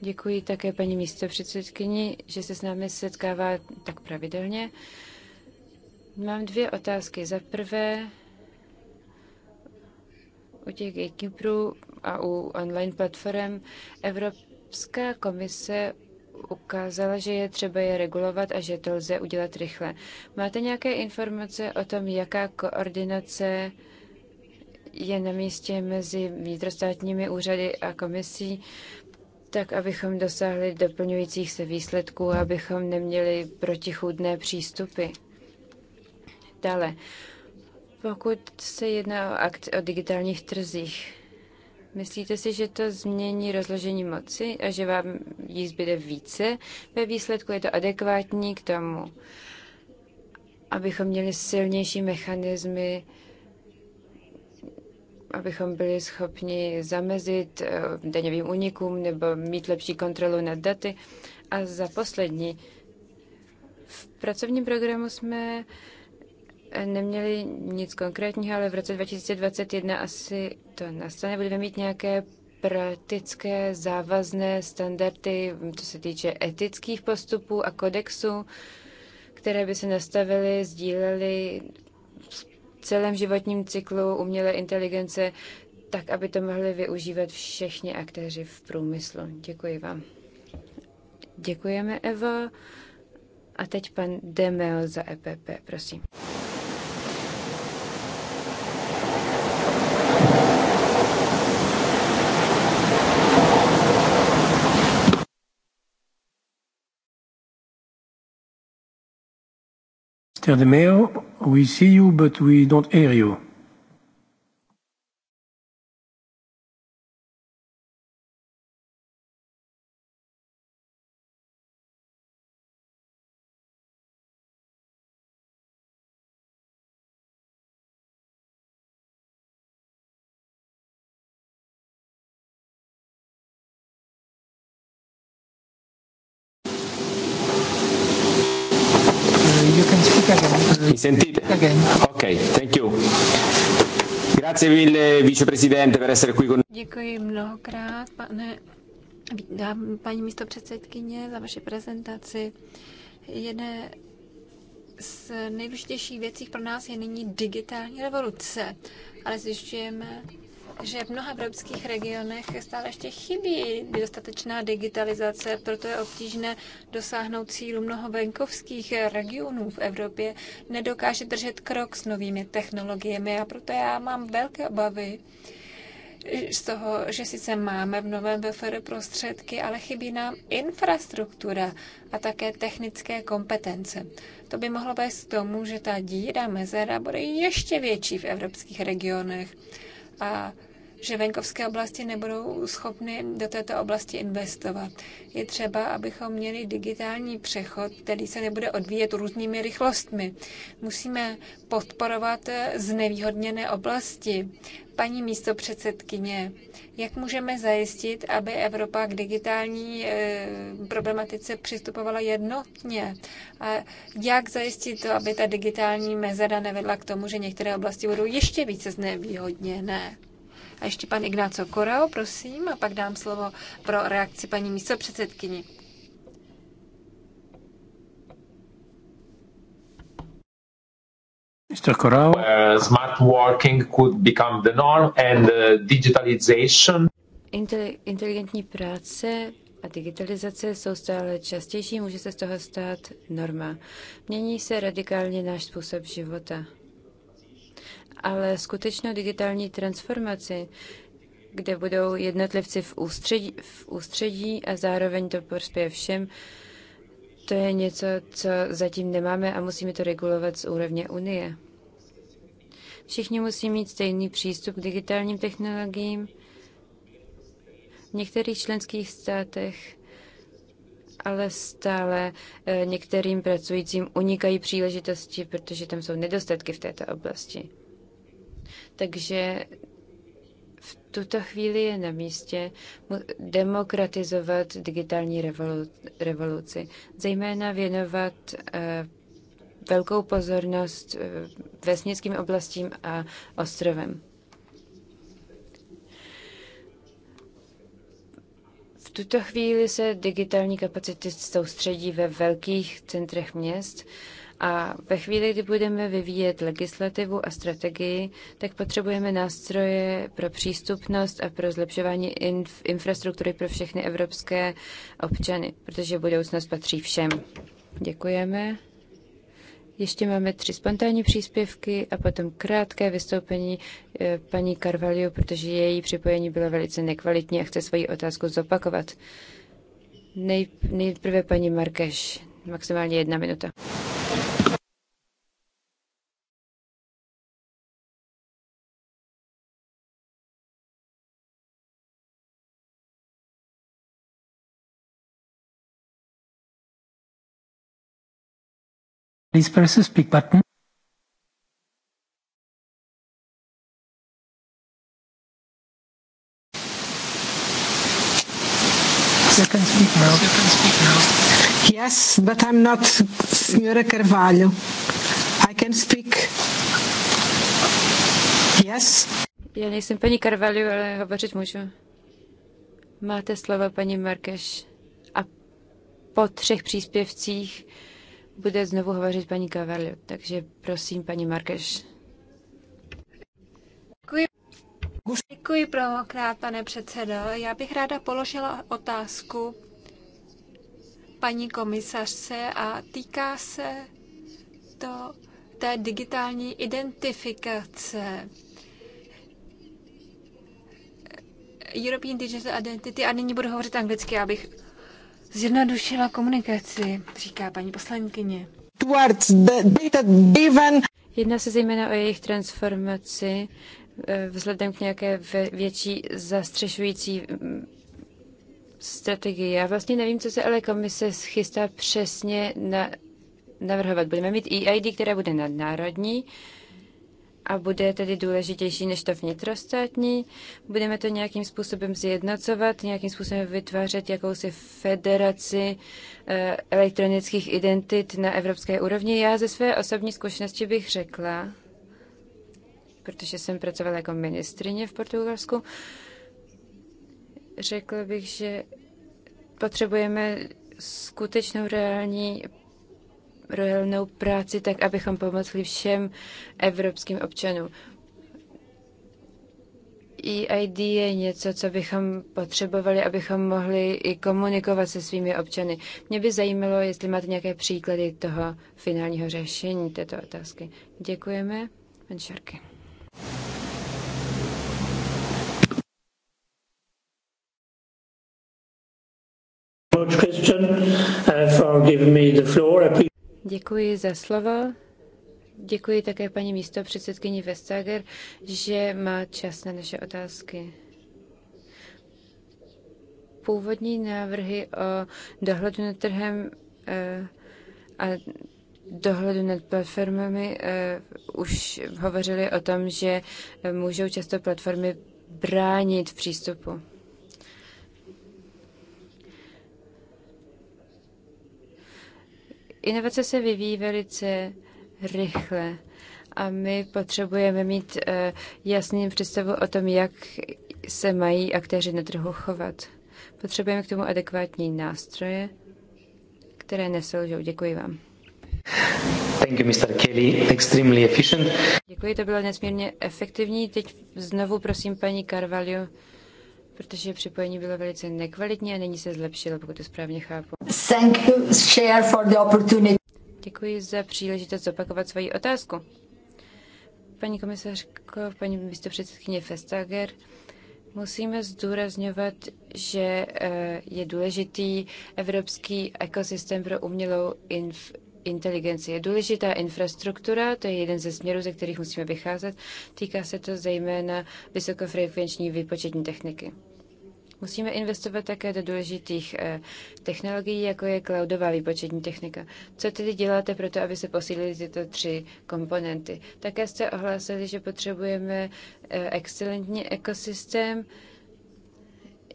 Děkuji také paní místopředsedkyni, že se s námi setkává tak pravidelně. Mám dvě otázky. Za prvé, u těch gatekeeperů a u online platform Evropská komise ukázala, že je třeba je regulovat a že to lze udělat rychle. Máte nějaké informace o tom, jaká koordinace je na místě mezi vnitrostátními úřady a komisí, tak abychom dosáhli doplňujících se výsledků, abychom neměli protichůdné přístupy. Dále, pokud se jedná o akt o digitálních trzích, myslíte si, že to změní rozložení moci a že vám jí zbyde více? Ve výsledku je to adekvátní k tomu, abychom měli silnější mechanismy, abychom byli schopni zamezit eh, daňovým unikům nebo mít lepší kontrolu nad daty. A za poslední, v pracovním programu jsme neměli nic konkrétního, ale v roce 2021 asi to nastane. Budeme mít nějaké praktické závazné standardy, co se týče etických postupů a kodexu, které by se nastavily, sdílely v celém životním cyklu umělé inteligence, tak, aby to mohli využívat všichni aktéři v průmyslu. Děkuji vám. Děkujeme, Evo. A teď pan Demeo za EPP, prosím. Mr. De Meo, we see you, but we don't hear you. Sentite? Ok, thank you. Grazie mille, vicepresidente, per essere qui con noi. Děkuji mnohokrát, pane, paní místo předsedkyně, za vaši prezentaci. Jedné z nejdůležitějších věcí pro nás je nyní digitální revoluce, ale zjišťujeme, že v mnoha evropských regionech stále ještě chybí dostatečná digitalizace, proto je obtížné dosáhnout cílu mnoho venkovských regionů v Evropě, nedokáže držet krok s novými technologiemi a proto já mám velké obavy z toho, že sice máme v novém VFR prostředky, ale chybí nám infrastruktura a také technické kompetence. To by mohlo vést k tomu, že ta díra mezera bude ještě větší v evropských regionech a že venkovské oblasti nebudou schopny do této oblasti investovat. Je třeba, abychom měli digitální přechod, který se nebude odvíjet různými rychlostmi. Musíme podporovat znevýhodněné oblasti. Paní místo předsedkyně, jak můžeme zajistit, aby Evropa k digitální eh, problematice přistupovala jednotně? A jak zajistit to, aby ta digitální mezera nevedla k tomu, že některé oblasti budou ještě více znevýhodněné? A ještě pan Ignáco Korao, prosím, a pak dám slovo pro reakci paní místopředsedkyni. Mr. Corral? Uh, smart working could become the norm and uh, digitalization. Inteligentní práce a digitalizace jsou stále častější, může se z toho stát norma. Mění se radikálně náš způsob života. Ale skutečnou digitální transformaci, kde budou jednotlivci v ústředí, v ústředí a zároveň to prospěje všem, uh, to je něco, co zatím nemáme a musíme to regulovat z úrovně Unie. Všichni musí mít stejný přístup k digitálním technologiím. V některých členských státech ale stále eh, některým pracujícím unikají příležitosti, protože tam jsou nedostatky v této oblasti. Takže tuto chvíli je na místě demokratizovat digitální revoluci, zejména věnovat eh, velkou pozornost eh, vesnickým oblastím a ostrovem. V tuto chvíli se digitální kapacity soustředí ve velkých centrech měst, a ve chvíli, kdy budeme vyvíjet legislativu a strategii, tak potřebujeme nástroje pro přístupnost a pro zlepšování inf- infrastruktury pro všechny evropské občany, protože budoucnost patří všem. Děkujeme. Ještě máme tři spontánní příspěvky a potom krátké vystoupení eh, paní Carvalho, protože její připojení bylo velice nekvalitní a chce svoji otázku zopakovat. nejprve paní Markeš, maximálně jedna minuta. Please press the speak button. You can speak now. You can speak now. Yes, but I'm not Senhora Carvalho. I can speak. Yes. Já nejsem paní Carvalho, ale hovořit můžu. Máte slovo, paní Markeš. A po třech příspěvcích bude znovu hovořit paní Gavarliu, takže prosím, paní Markeš. Děkuji. Děkuji mnohokrát, pane předsedo. Já bych ráda položila otázku paní komisařce a týká se to té digitální identifikace. European Digital Identity a nyní budu hovořit anglicky, abych zjednodušila komunikaci, říká paní poslankyně. Towards the Jedná se zejména o jejich transformaci eh, vzhledem k nějaké větší zastřešující mm, strategii. Já vlastně nevím, co se ale komise chystá přesně na, navrhovat. Budeme mít EID, které bude nadnárodní, a bude tedy důležitější než to vnitrostátní. Budeme to nějakým způsobem zjednocovat, nějakým způsobem vytvářet jakousi federaci eh, elektronických identit na evropské úrovni. Já ze své osobní zkušenosti bych řekla, protože jsem pracovala jako ministrině v Portugalsku, řekla bych, že potřebujeme skutečnou reální reálnou práci, tak abychom pomohli všem evropským občanům. EID je něco, co bychom potřebovali, abychom mohli i komunikovat se svými občany. Mě by zajímalo, jestli máte nějaké příklady toho finálního řešení této otázky. Děkujeme. Pan Šarky. Christian, uh, for giving me the floor. Děkuji za slovo. Děkuji také paní místo předsedkyni Vestager, že má čas na naše otázky. Původní návrhy o dohledu nad trhem eh, a dohledu nad platformami eh, už hovořili o tom, že můžou často platformy bránit v přístupu. Inovace se vyvíjí velice rychle a my potřebujeme mít eh, jasný představu o tom, jak se mají aktéři na trhu chovat. Potřebujeme k tomu adekvátní nástroje, které neselžou. Děkuji vám. Thank you, Mr. Kelly. Extremely efficient. Děkuji, to bylo nesmírně efektivní. Teď znovu prosím paní Carvalho protože připojení bylo velice nekvalitní a není se zlepšilo, pokud to správně chápu. Thank you, share for the opportunity. Děkuji za příležitost zopakovat svoji otázku. Paní komisařko, paní místopředsedkyně Festager, musíme zdůrazňovat, že eh, je důležitý evropský ekosystém pro umělou inf- inteligenci. Je důležitá infrastruktura, to je jeden ze směrů, ze kterých musíme vycházet. Týká se to zejména vysokofrekvenční výpočetní techniky. Musíme investovat také do důležitých eh, technologií, jako je cloudová výpočetní technika. Co tedy děláte pro to, aby se posílili tyto tři komponenty? Také jste ohlásili, že potřebujeme eh, excelentní ekosystém.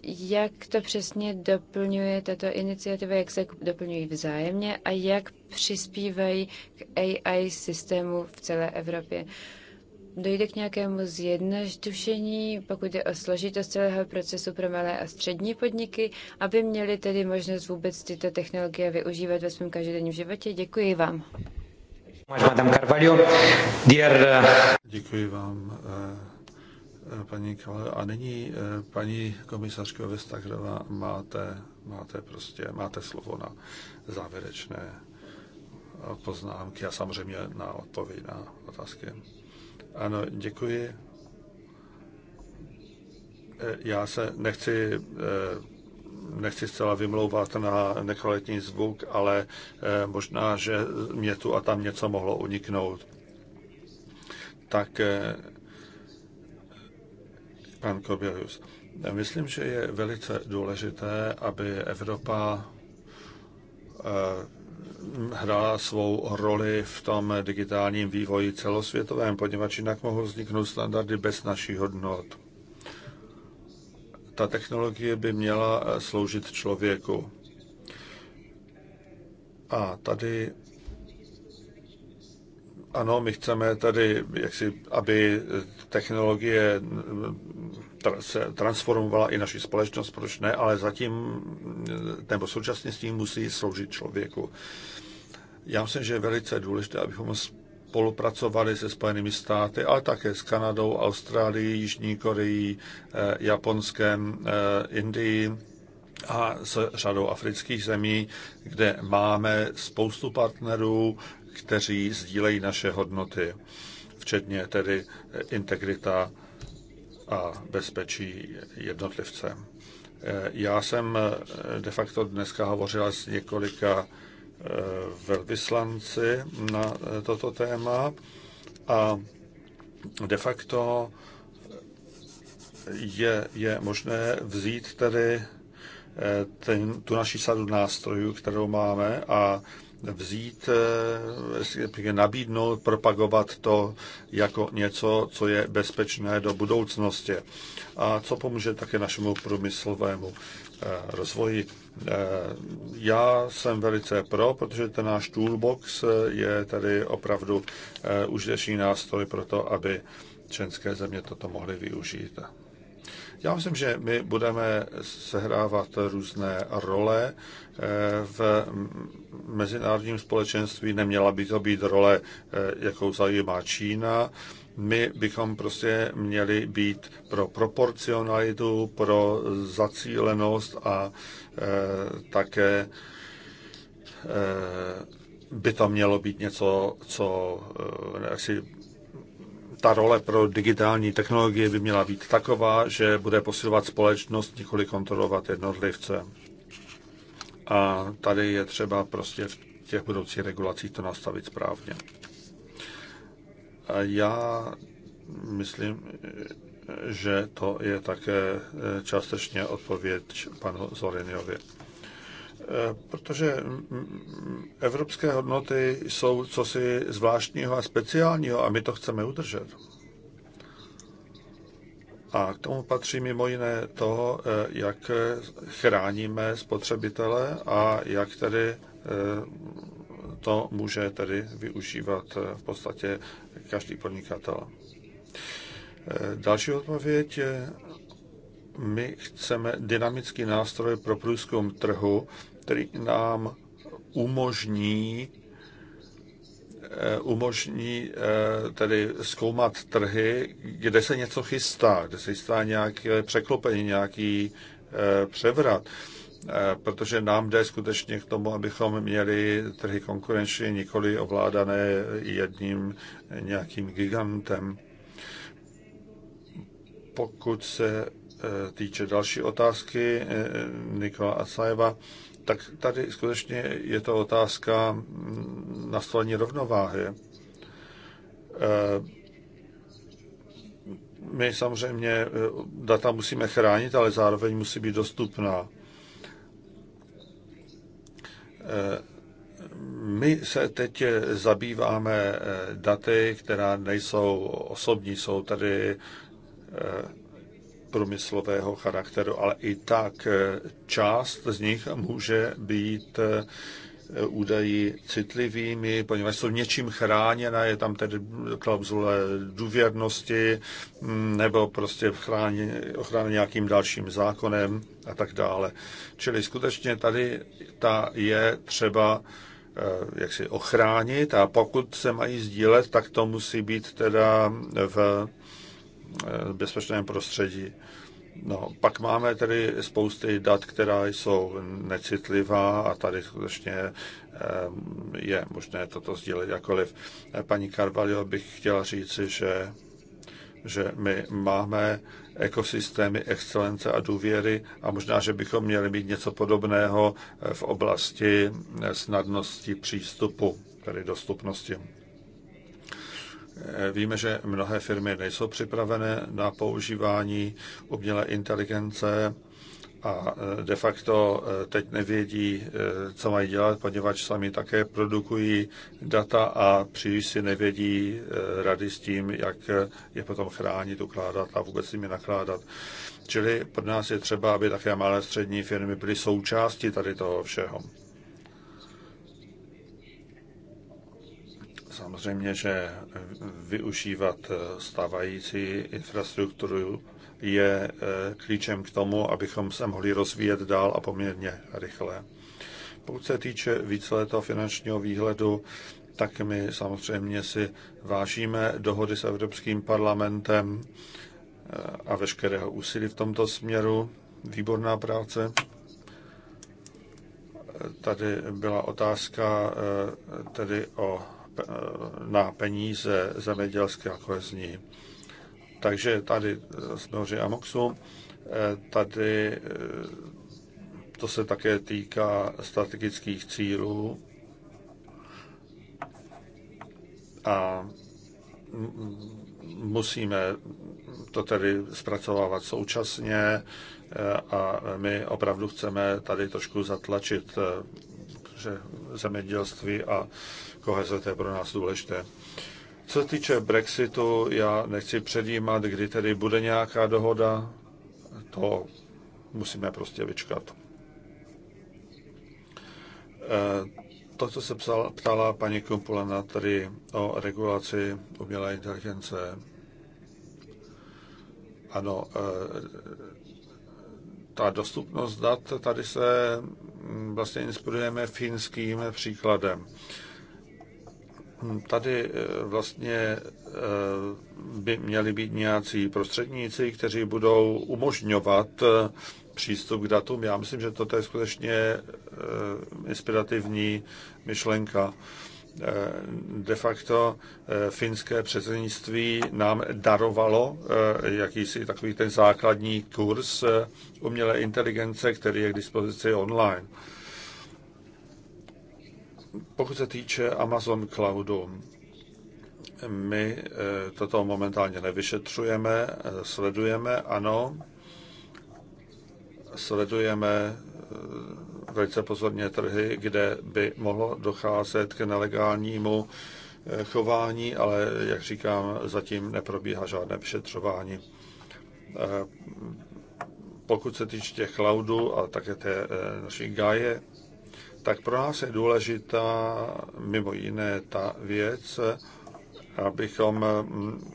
Jak to přesně doplňuje tato iniciativa, jak se doplňují vzájemně a jak přispívají k AI systému v celé Evropě? dojde k nějakému zjednodušení, pokud je o složitost celého procesu pro malé a střední podniky, aby měli tedy možnost vůbec tyto technologie využívat ve svém každodenním životě. Děkuji vám. Uh, Děkuji vám, eh, eh, paní Kale. A nyní, eh, paní komisařko Vestagrova, máte, máte, prostě, máte slovo na závěrečné poznámky a samozřejmě na odpověď na otázky. Ano, děkuji. E, já se nechci, e, nechci zcela vymlouvat na nekvalitní zvuk, ale e, možná, že mě tu a tam něco mohlo uniknout. Tak pan Kobilius. Myslím, že je velice důležité, aby Evropa hrá svou roli v tom digitálním vývoji celosvětovém, poněvadž jinak mohou vzniknout standardy bez našich hodnot. Ta technologie by měla eh, sloužit člověku. A tady ano, my chceme tady, jaksi, aby technologie se transformovala i naši společnost, proč ne, ale zatím, nebo současně s tím musí sloužit člověku. Já myslím, že je velice důležité, abychom spolupracovali se Spojenými státy, ale také s Kanadou, Austrálií, Jižní Koreí, eh, Japonskem, eh, Indií a s řadou afrických zemí, kde máme spoustu partnerů, kteří sdílejí naše hodnoty, včetně tedy eh, integrita a bezpečí jednotlivce. Eh, já jsem eh, de facto dneska hovořila s několika eh, velvyslanci na toto téma a de facto je, je možné vzít tedy ten, tu naši sadu nástrojů, kterou máme a vzít, eh, nabídnout, propagovat to jako něco, co je bezpečné do budoucnosti a co pomůže také našemu průmyslovému eh, rozvoji. Eh, já jsem velice pro, protože ten náš toolbox je tady opravdu užitečný nástroj pro to, aby členské země toto mohly využít. Já myslím, že my budeme sehrávat různé role Eh, v mezinárodním společenství neměla by to být role, eh, jakou zajímá Čína. My bychom prostě měli být pro proporcionalitu, pro zacílenost a eh, také by to mělo být něco, co asi ta role pro digitální technologie by měla být taková, že bude posilovat společnost, nikoli kontrolovat jednotlivce a tady je třeba prostě v těch budoucích regulacích to nastavit správně. A já myslím, že to je také eh, částečně odpověď panu Zoriniovi. Eh, protože evropské hodnoty jsou cosi zvláštního a speciálního a my to chceme udržet. A k tomu patří mimo jiné to, eh, jak chráníme spotřebitele a jak tedy eh, to může tedy využívat eh, v podstatě každý podnikatel. Další odpověď. My chceme dynamický nástroj pro průzkum trhu, který nám umožní Eh, umožní eh, tedy zkoumat trhy, kde se něco chystá, kde se chystá nějaké překlopení, nějaký eh, převrat. Protože nám jde skutečně k tomu, abychom měli trhy konkurenční, nikoli ovládané jedním nějakým gigantem. Pokud se týče další otázky Nikola Asajeva, tak tady skutečně je to otázka mm, nastolení rovnováhy. E, my samozřejmě e, data musíme chránit, ale zároveň musí být dostupná. E, my se teď zabýváme daty, která nejsou osobní, jsou tady průmyslového charakteru, ale i tak eh, část z nich může být eh, údají citlivými, poněvadž jsou něčím chráněna, je tam tedy klauzule důvěrnosti mm, nebo prostě ochrana nějakým dalším zákonem a tak dále. Čili skutečně tady ta je třeba eh, jak si ochránit a pokud se mají sdílet, tak to musí být teda v Eh, bezpečném prostředí. No, pak máme tedy spousty dat, která jsou necitlivá a tady skutečně eh, je možné toto sdělit jakoliv. Eh, paní Carvalho bych chtěla říci, že, že my máme ekosystémy excelence a důvěry a možná, že bychom měli mít něco podobného v oblasti snadnosti přístupu, tedy dostupnosti. Eh, víme, že mnohé firmy nejsou připravené na používání umělé inteligence a eh, de facto eh, teď nevědí, co mají dělat, poněvadž sami také produkují data a příliš si nevědí rady s tím, jak je potom chránit, ukládat a vůbec s nimi nakládat. Čili pro nás je třeba, aby také malé střední firmy byly součástí tady toho všeho. Samozřejmě, že využívat stávající infrastrukturu je eh, klíčem k tomu, abychom se mohli rozvíjet dál a poměrně rychle. Pokud se týče víceletého finančního výhledu, tak my samozřejmě si vážíme dohody s Evropským parlamentem eh, a veškerého úsilí v tomto směru. Výborná práce. Tady byla otázka eh, tedy o Eh, na peníze zemědělské a kohezní. Takže tady jsme eh, hořili Amoxu, eh, tady to se také týká strategických cílů a musíme to tedy zpracovávat současně a my opravdu chceme tady trošku zatlačit že zemědělství a koheze, to je pro nás důležité. Co se týče Brexitu, já nechci předjímat, kdy tedy bude nějaká dohoda. To musíme prostě vyčkat. Eh, to, co se ptala paní Kumpulana tady o regulaci umělé inteligence. Ano, eh, ta dostupnost dat, tady se mm, vlastně inspirujeme finským příkladem. Hmm, tady eh, vlastně eh, by měli být nějací prostředníci, kteří budou umožňovat eh, přístup k datům. Já myslím, že to je skutečně inspirativní myšlenka. De facto finské předsednictví nám darovalo jakýsi takový ten základní kurz umělé inteligence, který je k dispozici online pokud se týče Amazon Cloudu, my eh, toto momentálně nevyšetřujeme, eh, sledujeme, ano, sledujeme eh, velice pozorně trhy, kde by mohlo docházet k nelegálnímu chování, ale jak říkám, zatím neprobíhá žádné vyšetřování. Pokud se týče těch cloudů a také té naší Gaje, tak pro nás je důležitá mimo jiné ta věc, abychom mm,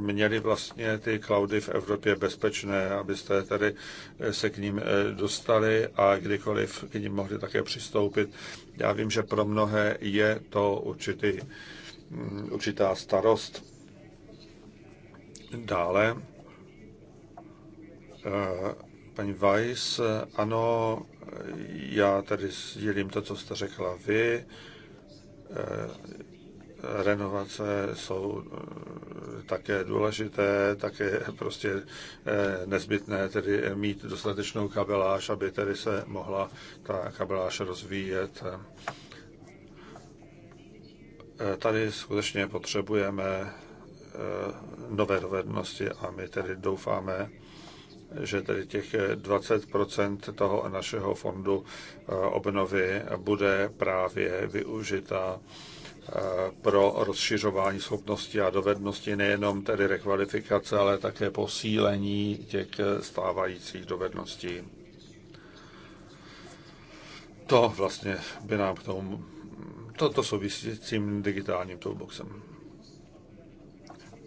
měli vlastně ty cloudy v Evropě bezpečné, abyste tady eh, se k ním eh, dostali a kdykoliv k ním mohli také přistoupit. Já vím, že pro mnohé je to určitý, mm, určitá starost. Dále, eh, paní Weiss, ano, já tady sdílím to, co jste řekla vy. Eh, renovace jsou eh, také důležité, také prostě eh, nezbytné tedy mít dostatečnou kabeláž, aby tedy se mohla ta kabeláž rozvíjet. Tady skutečně potřebujeme nové dovednosti a my tedy doufáme, že tedy těch 20 toho našeho fondu eh, obnovy bude právě využita eh, pro rozšiřování schopností a dovedností nejenom tedy rekvalifikace, ale také posílení těch eh, stávajících dovedností. To vlastně by nám k tomu, toto to souvisí s tím digitálním toolboxem.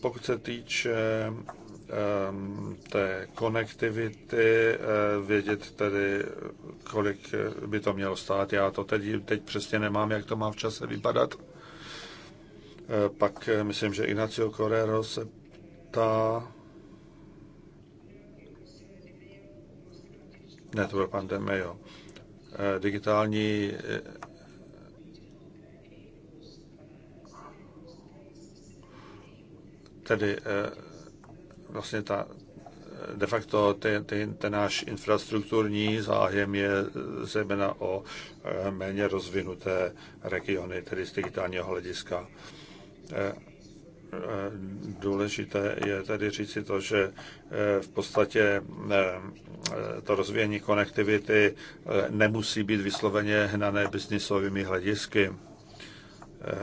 Pokud se týče Ehm, té konektivity, eh, vědět tedy, kolik by to mělo stát. Já to teď, teď přesně nemám, jak to má v čase vypadat. Eh, pak eh, myslím, že Ignacio Correro se ptá, ne, to byl pan Demejo, digitální tedy vlastně ta, de facto ten, ten, ten náš infrastrukturní zájem je eh, zejména o eh, méně rozvinuté regiony, tedy z digitálního hlediska. Eh, důležité je tedy říci to, že v podstatě to rozvíjení konektivity nemusí být vysloveně hnané biznisovými hledisky.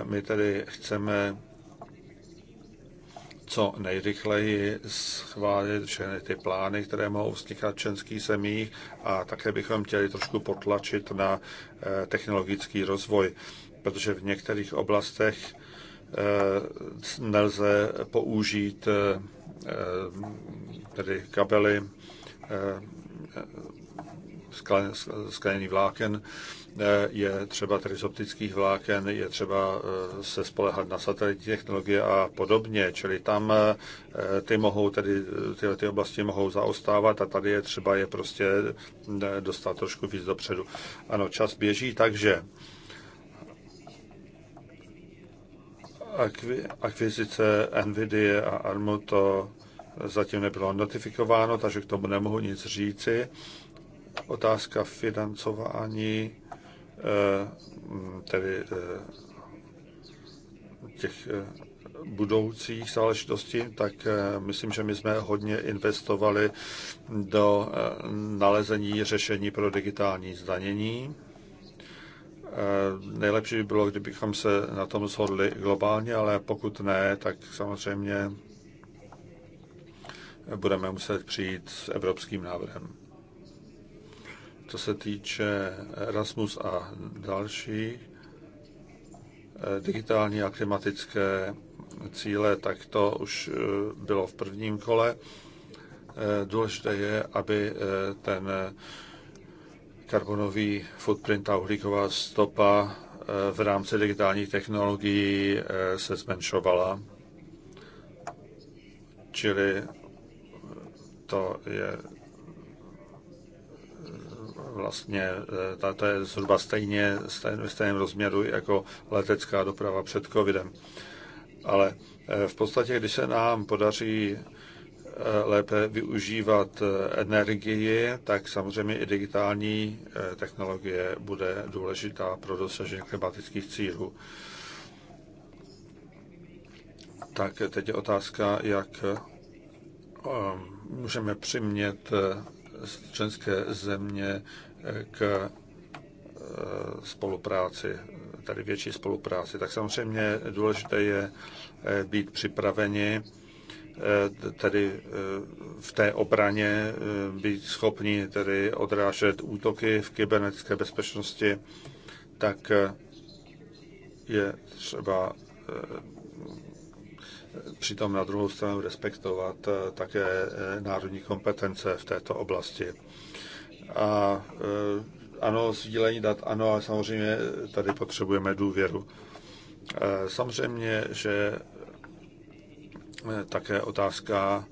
My tedy chceme co nejrychleji schválit všechny ty plány, které mohou vznikat v členských zemích a také bychom chtěli trošku potlačit na eh, technologický rozvoj, protože v některých oblastech eh, nelze použít eh, tedy kabely skleněný vláken, je třeba tedy z optických vláken, je třeba eh, se spolehat na satelitní technologie a podobně, čili tam eh, ty mohou tedy, eh, tyhle ty oblasti mohou zaostávat a tady je třeba je prostě dostat trošku víc dopředu. Ano, čas běží, takže akvizice NVIDIA a ARMU to zatím nebylo notifikováno, takže k tomu nemohu nic říci. Otázka financování Eh, tedy eh, těch eh, budoucích záležitostí, tak myslím, že my jsme hodně investovali do nalezení řešení pro digitální zdanění. Nejlepší by bylo, kdybychom se na tom shodli globálně, ale pokud ne, tak samozřejmě budeme muset přijít s evropským návrhem co se týče Erasmus a další eh, digitální a klimatické cíle, tak to už eh, bylo v prvním kole. Eh, důležité je, aby ten karbonový footprint a uhlíková stopa v rámci digitálních technologií se zmenšovala. Čili to je vlastně eh, to je zhruba stejně, ve stejném rozměru jako letecká doprava před covidem. Ale eh, v podstatě, když se nám podaří eh, lépe využívat energii, tak samozřejmě i digitální technologie bude důležitá pro dosažení klimatických cílů. Tak teď je otázka, jak můžeme přimět členské země k eh, spolupráci, tady větší spolupráci, tak samozřejmě důležité je eh, být připraveni eh, tedy v té obraně být schopni tedy odrážet útoky v kybernetické bezpečnosti, tak je třeba přitom na druhou stranu respektovat také národní kompetence v této oblasti. A eh, ano, sdílení dat, ano, ale samozřejmě tady potřebujeme důvěru. Eh, samozřejmě, že eh, také otázka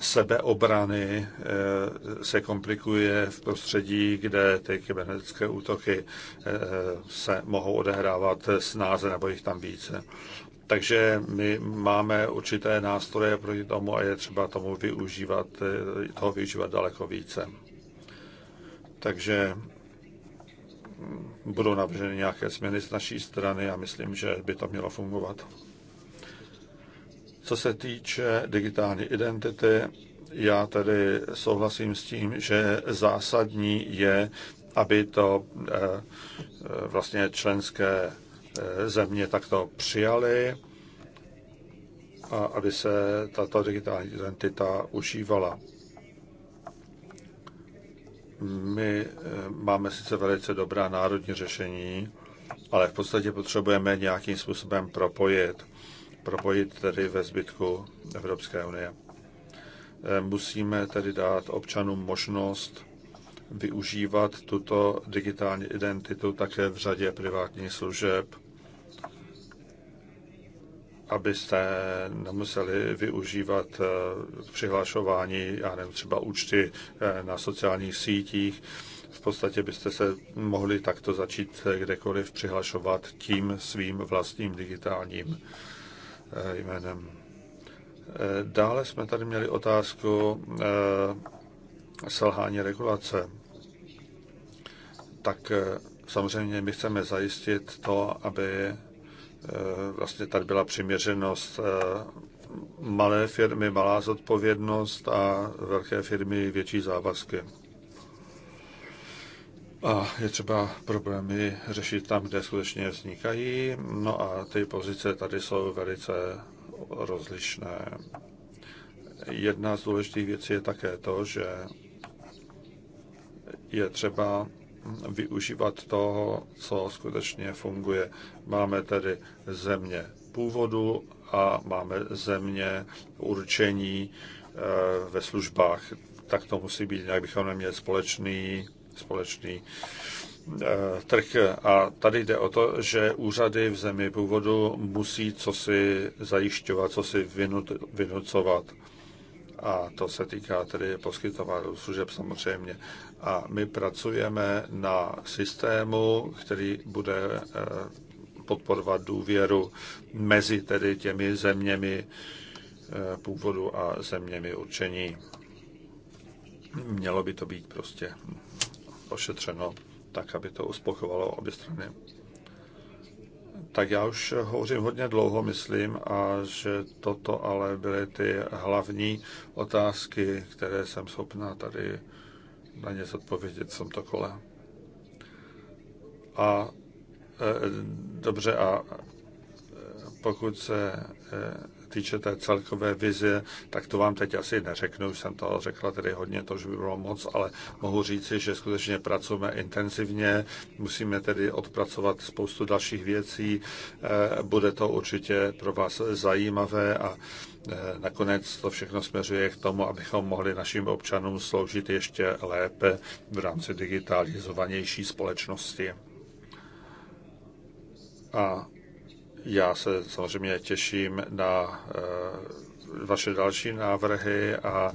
sebeobrany se komplikuje v prostředí, kde ty kybernetické útoky se mohou odehrávat snáze nebo jich tam více. Takže my máme určité nástroje proti tomu a je třeba tomu využívat, toho využívat daleko více. Takže budou navrženy nějaké změny z naší strany a myslím, že by to mělo fungovat. Co se týče digitální identity, já tedy souhlasím s tím, že zásadní je, aby to eh, vlastně členské eh, země takto přijaly a aby se tato digitální identita užívala. My eh, máme sice velice dobrá národní řešení, ale v podstatě potřebujeme nějakým způsobem propojit. Propojit tedy ve zbytku Evropské unie. Eh, musíme tedy dát občanům možnost využívat tuto digitální identitu také v řadě privátních služeb abyste nemuseli využívat eh, přihlašování, já nevím, třeba účty eh, na sociálních sítích. V podstatě byste se mohli takto začít eh, kdekoliv přihlašovat tím svým vlastním digitálním jménem. Dále jsme tady měli otázku selhání regulace. Tak samozřejmě my chceme zajistit to, aby Eh, vlastně tady byla přiměřenost eh, malé firmy, malá zodpovědnost a velké firmy větší závazky. A je třeba problémy řešit tam, kde skutečně vznikají. No a ty pozice tady jsou velice rozlišné. Jedna z důležitých věcí je také to, že je třeba využívat toho, co skutečně funguje. Máme tedy země původu a máme země určení eh, ve službách. Tak to musí být, jak bychom neměli společný, společný eh, trh. A tady jde o to, že úřady v zemi původu musí co si zajišťovat, co si vynucovat. A to se týká tedy poskytování služeb samozřejmě. A my pracujeme na systému, který bude eh, podporovat důvěru mezi tedy těmi zeměmi eh, původu a zeměmi určení. Mělo by to být prostě ošetřeno tak, aby to uspokojovalo obě strany. Tak já už hovořím hodně dlouho, myslím, a že toto ale byly ty hlavní otázky, které jsem schopná tady na ně zodpovědět v tomto kole. A e, dobře, a e, pokud se e, týče té celkové vize, tak to vám teď asi neřeknu, už jsem to řekla tedy hodně, to už by bylo moc, ale mohu říci, že skutečně pracujeme intenzivně, musíme tedy odpracovat spoustu dalších věcí, bude to určitě pro vás zajímavé a Eh, nakonec to všechno směřuje k tomu, abychom mohli našim občanům sloužit ještě lépe v rámci digitalizovanější společnosti. A já se samozřejmě těším na eh, vaše další návrhy a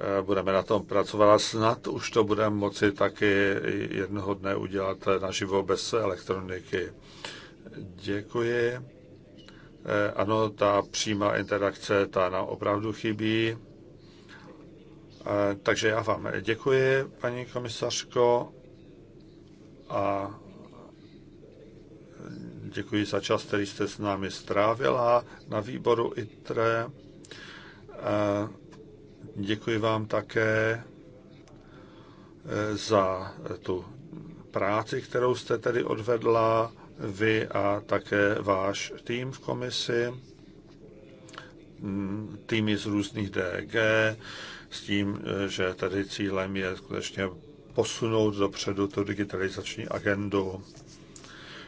eh, budeme na tom pracovat. snad už to budeme moci taky jednoho dne udělat naživo bez elektroniky. Děkuji. Eh, ano, ta přímá interakce, ta nám opravdu chybí. Eh, takže já vám děkuji, paní komisařko, a děkuji za čas, který jste s námi strávila na výboru ITRE. Eh, děkuji vám také za tu práci, kterou jste tedy odvedla vy a také váš tým v komisi, mm, týmy z různých DG, s tím, eh, že tady cílem je skutečně posunout dopředu tu digitalizační agendu.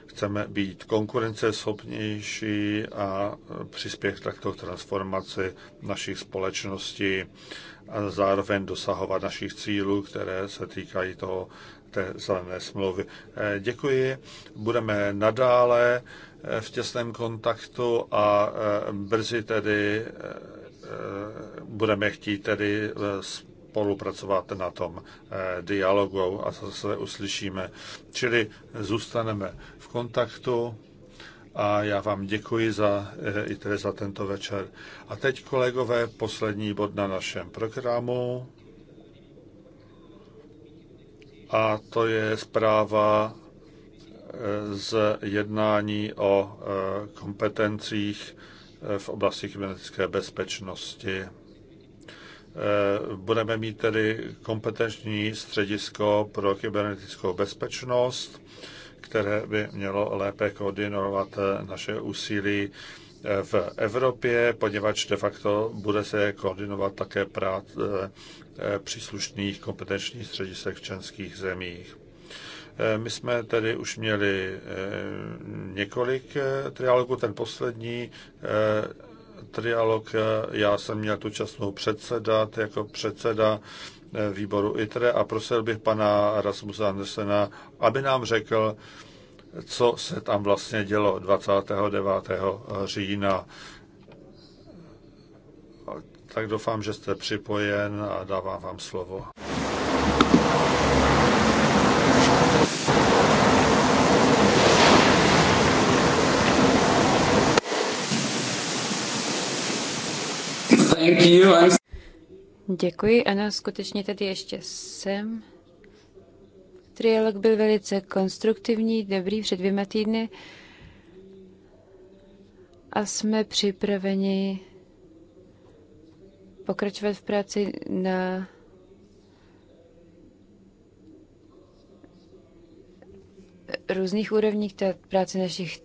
Chceme být konkurenceschopnější a přispět takto k transformaci našich společností a zároveň dosahovat našich cílů, které se týkají toho té zelené smlouvy. Eh, děkuji. Budeme nadále eh, v těsném kontaktu a eh, brzy tedy budeme chtít tedy spolupracovat na tom dialogu a zase uslyšíme. Čili zůstaneme v kontaktu a já vám děkuji za, i tedy za tento večer. A teď, kolegové, poslední bod na našem programu a to je zpráva eh, z jednání o eh, kompetencích eh, v oblasti kybernetické bezpečnosti. Budeme mít tedy kompetenční středisko pro kybernetickou bezpečnost, které by mělo lépe koordinovat naše úsilí v Evropě, poněvadž de facto bude se koordinovat také práce eh, eh, příslušných kompetenčních středisek v členských zemích. Eh, my jsme tedy už měli několik trialogů. Ten poslední trialog já jsem měl tu časnou předsedat jako předseda výboru ITRE a prosil bych pana Rasmusa Andersena, aby nám řekl, co se tam vlastně dělo 29. října. Tak doufám, že jste připojen a dávám vám slovo. Děkuji, ano, skutečně tady ještě jsem. Trialog byl velice konstruktivní, dobrý před dvěma týdny a jsme připraveni pokračovat v práci na různých úrovních. Ta práce našich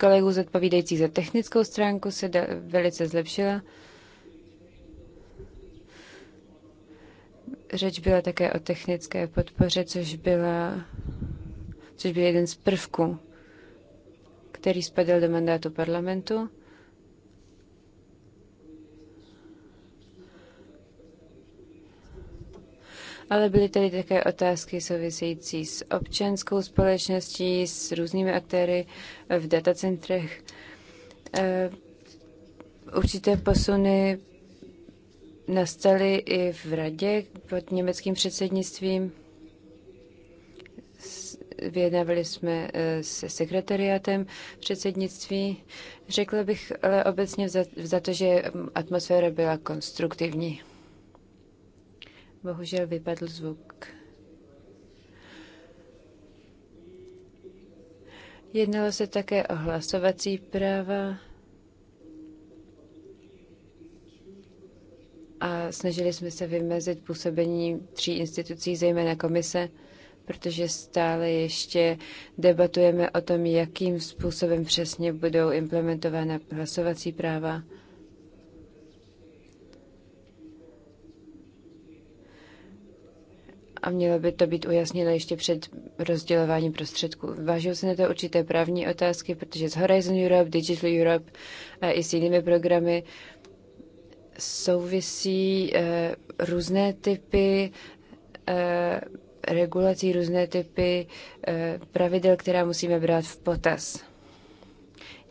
kolegů zodpovídajících za technickou stránku se da, velice zlepšila. Řeč byla také o technické podpoře, což, byla, což byl jeden z prvků, který spadl do mandátu parlamentu. Ale byly tady také otázky související s občanskou společností, s různými aktéry v datacentrech. Eh, určité posuny nastaly i v radě pod německým předsednictvím. Vyjednávali jsme eh, se sekretariátem předsednictví. Řekla bych ale obecně za to, že atmosféra byla konstruktivní. Bohužel vypadl zvuk. Jednalo se také o hlasovací práva a snažili jsme se vymezit působení tří institucí, zejména komise, protože stále ještě debatujeme o tom, jakým způsobem přesně budou implementována hlasovací práva. A mělo by to být ujasněno ještě před rozdělováním prostředků. Vážil se na to určité právní otázky, protože z Horizon Europe, Digital Europe a i s jinými programy souvisí eh, různé typy eh, regulací, různé typy eh, pravidel, která musíme brát v potaz.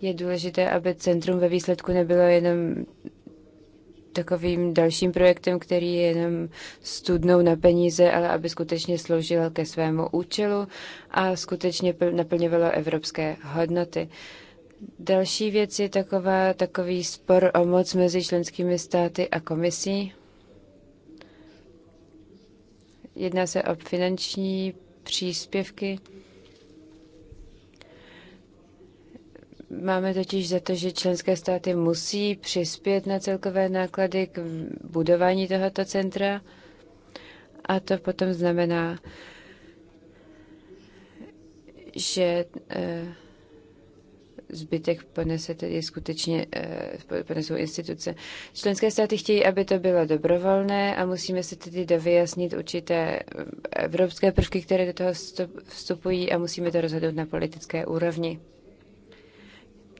Je důležité, aby centrum ve výsledku nebylo jenom takovým dalším projektem, který je jenom studnou na peníze, ale aby skutečně sloužil ke svému účelu a skutečně naplňovalo evropské hodnoty. Uh, Další věc je taková, takový spor o moc mezi členskými státy a komisí. Jedná se o finanční příspěvky. Máme totiž za to, že členské státy musí přispět na celkové náklady k budování tohoto centra a to potom znamená, že eh, zbytek ponese tedy skutečně eh, ponesou instituce. Členské státy chtějí, aby to bylo dobrovolné a musíme se tedy dovyjasnit určité eh, evropské prvky, které do toho vstupují a musíme to rozhodnout na politické úrovni.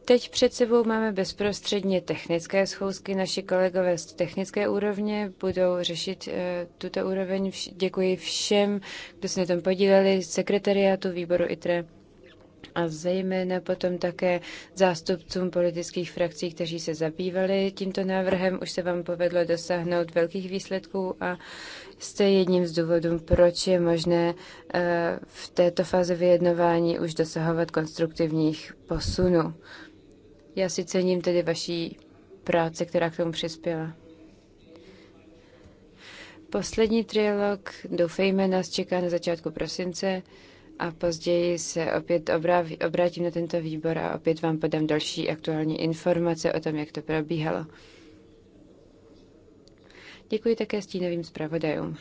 Teď před sebou máme bezprostředně technické schůzky. Naši kolegové z technické úrovně budou řešit eh, tuto úroveň. Děkuji všem, kdo se na tom podíleli, sekretariátu výboru ITRE a zejména potom také zástupcům politických frakcí, kteří se zabývali tímto návrhem. Už se vám povedlo dosáhnout velkých výsledků a jste jedním z důvodů, proč je možné eh, v této fázi vyjednování už dosahovat konstruktivních posunů. Já si cením tedy vaší práce, která k tomu přispěla. Poslední trialog, doufejme, nás čeká na začátku prosince a později se opět obrátím na tento výbor a opět vám podám další aktuální informace o tom, jak to probíhalo. Děkuji také stínovým zpravodajům.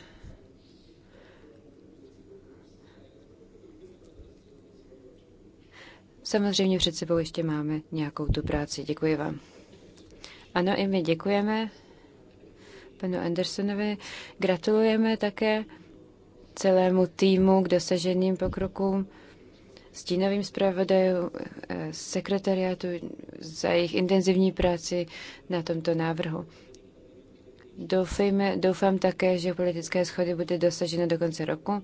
Samozřejmě před sebou ještě máme nějakou tu práci. Děkuji vám. Ano, i my děkujeme panu Andersonovi. Gratulujeme také celému týmu k dosaženým pokrokům, stínovým zpravodajům, eh, sekretariátu za jejich intenzivní práci na tomto návrhu. Doufejme, doufám také, že politické schody bude dosaženo do konce roku.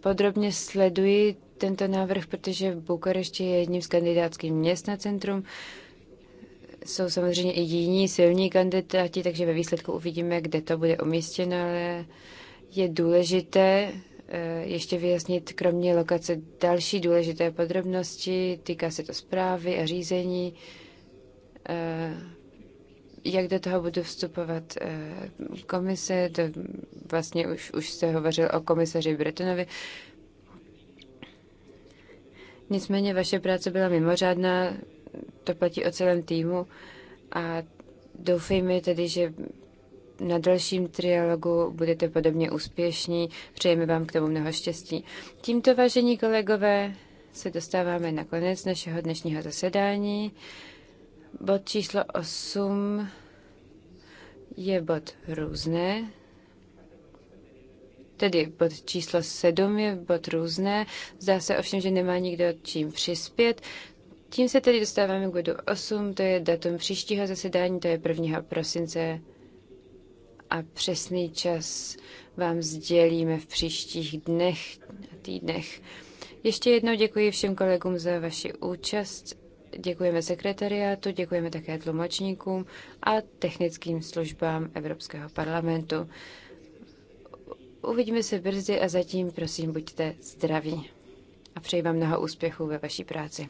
Podrobně sleduji tento návrh, protože v Bukarešti je jedním z kandidátských měst na centrum. Jsou samozřejmě i jiní silní kandidáti, takže ve výsledku uvidíme, kde to bude umístěno, ale je důležité eh, ještě vyjasnit kromě lokace další důležité podrobnosti, týká se to zprávy a řízení, eh, jak do toho budu vstupovat eh, komise, to vlastně už, už se hovořil o komisaři Bretonovi. Nicméně vaše práce byla mimořádná, to platí o celém týmu a doufejme tedy, že na dalším trialogu budete podobně úspěšní. Přejeme vám k tomu mnoho štěstí. Tímto, vážení kolegové, se dostáváme na konec našeho dnešního zasedání. Bod číslo 8 je bod různé. Tedy bod číslo 7 je bod různé. Zdá se ovšem, že nemá nikdo čím přispět. Tím se tedy dostáváme k bodu 8, to je datum příštího zasedání, to je 1. prosince a přesný čas vám sdělíme v příštích dnech a týdnech. Ještě jednou děkuji všem kolegům za vaši účast. Děkujeme sekretariátu, děkujeme také tlumočníkům a technickým službám Evropského parlamentu. Uvidíme se brzy a zatím prosím buďte zdraví a přeji vám mnoho úspěchů ve vaší práci.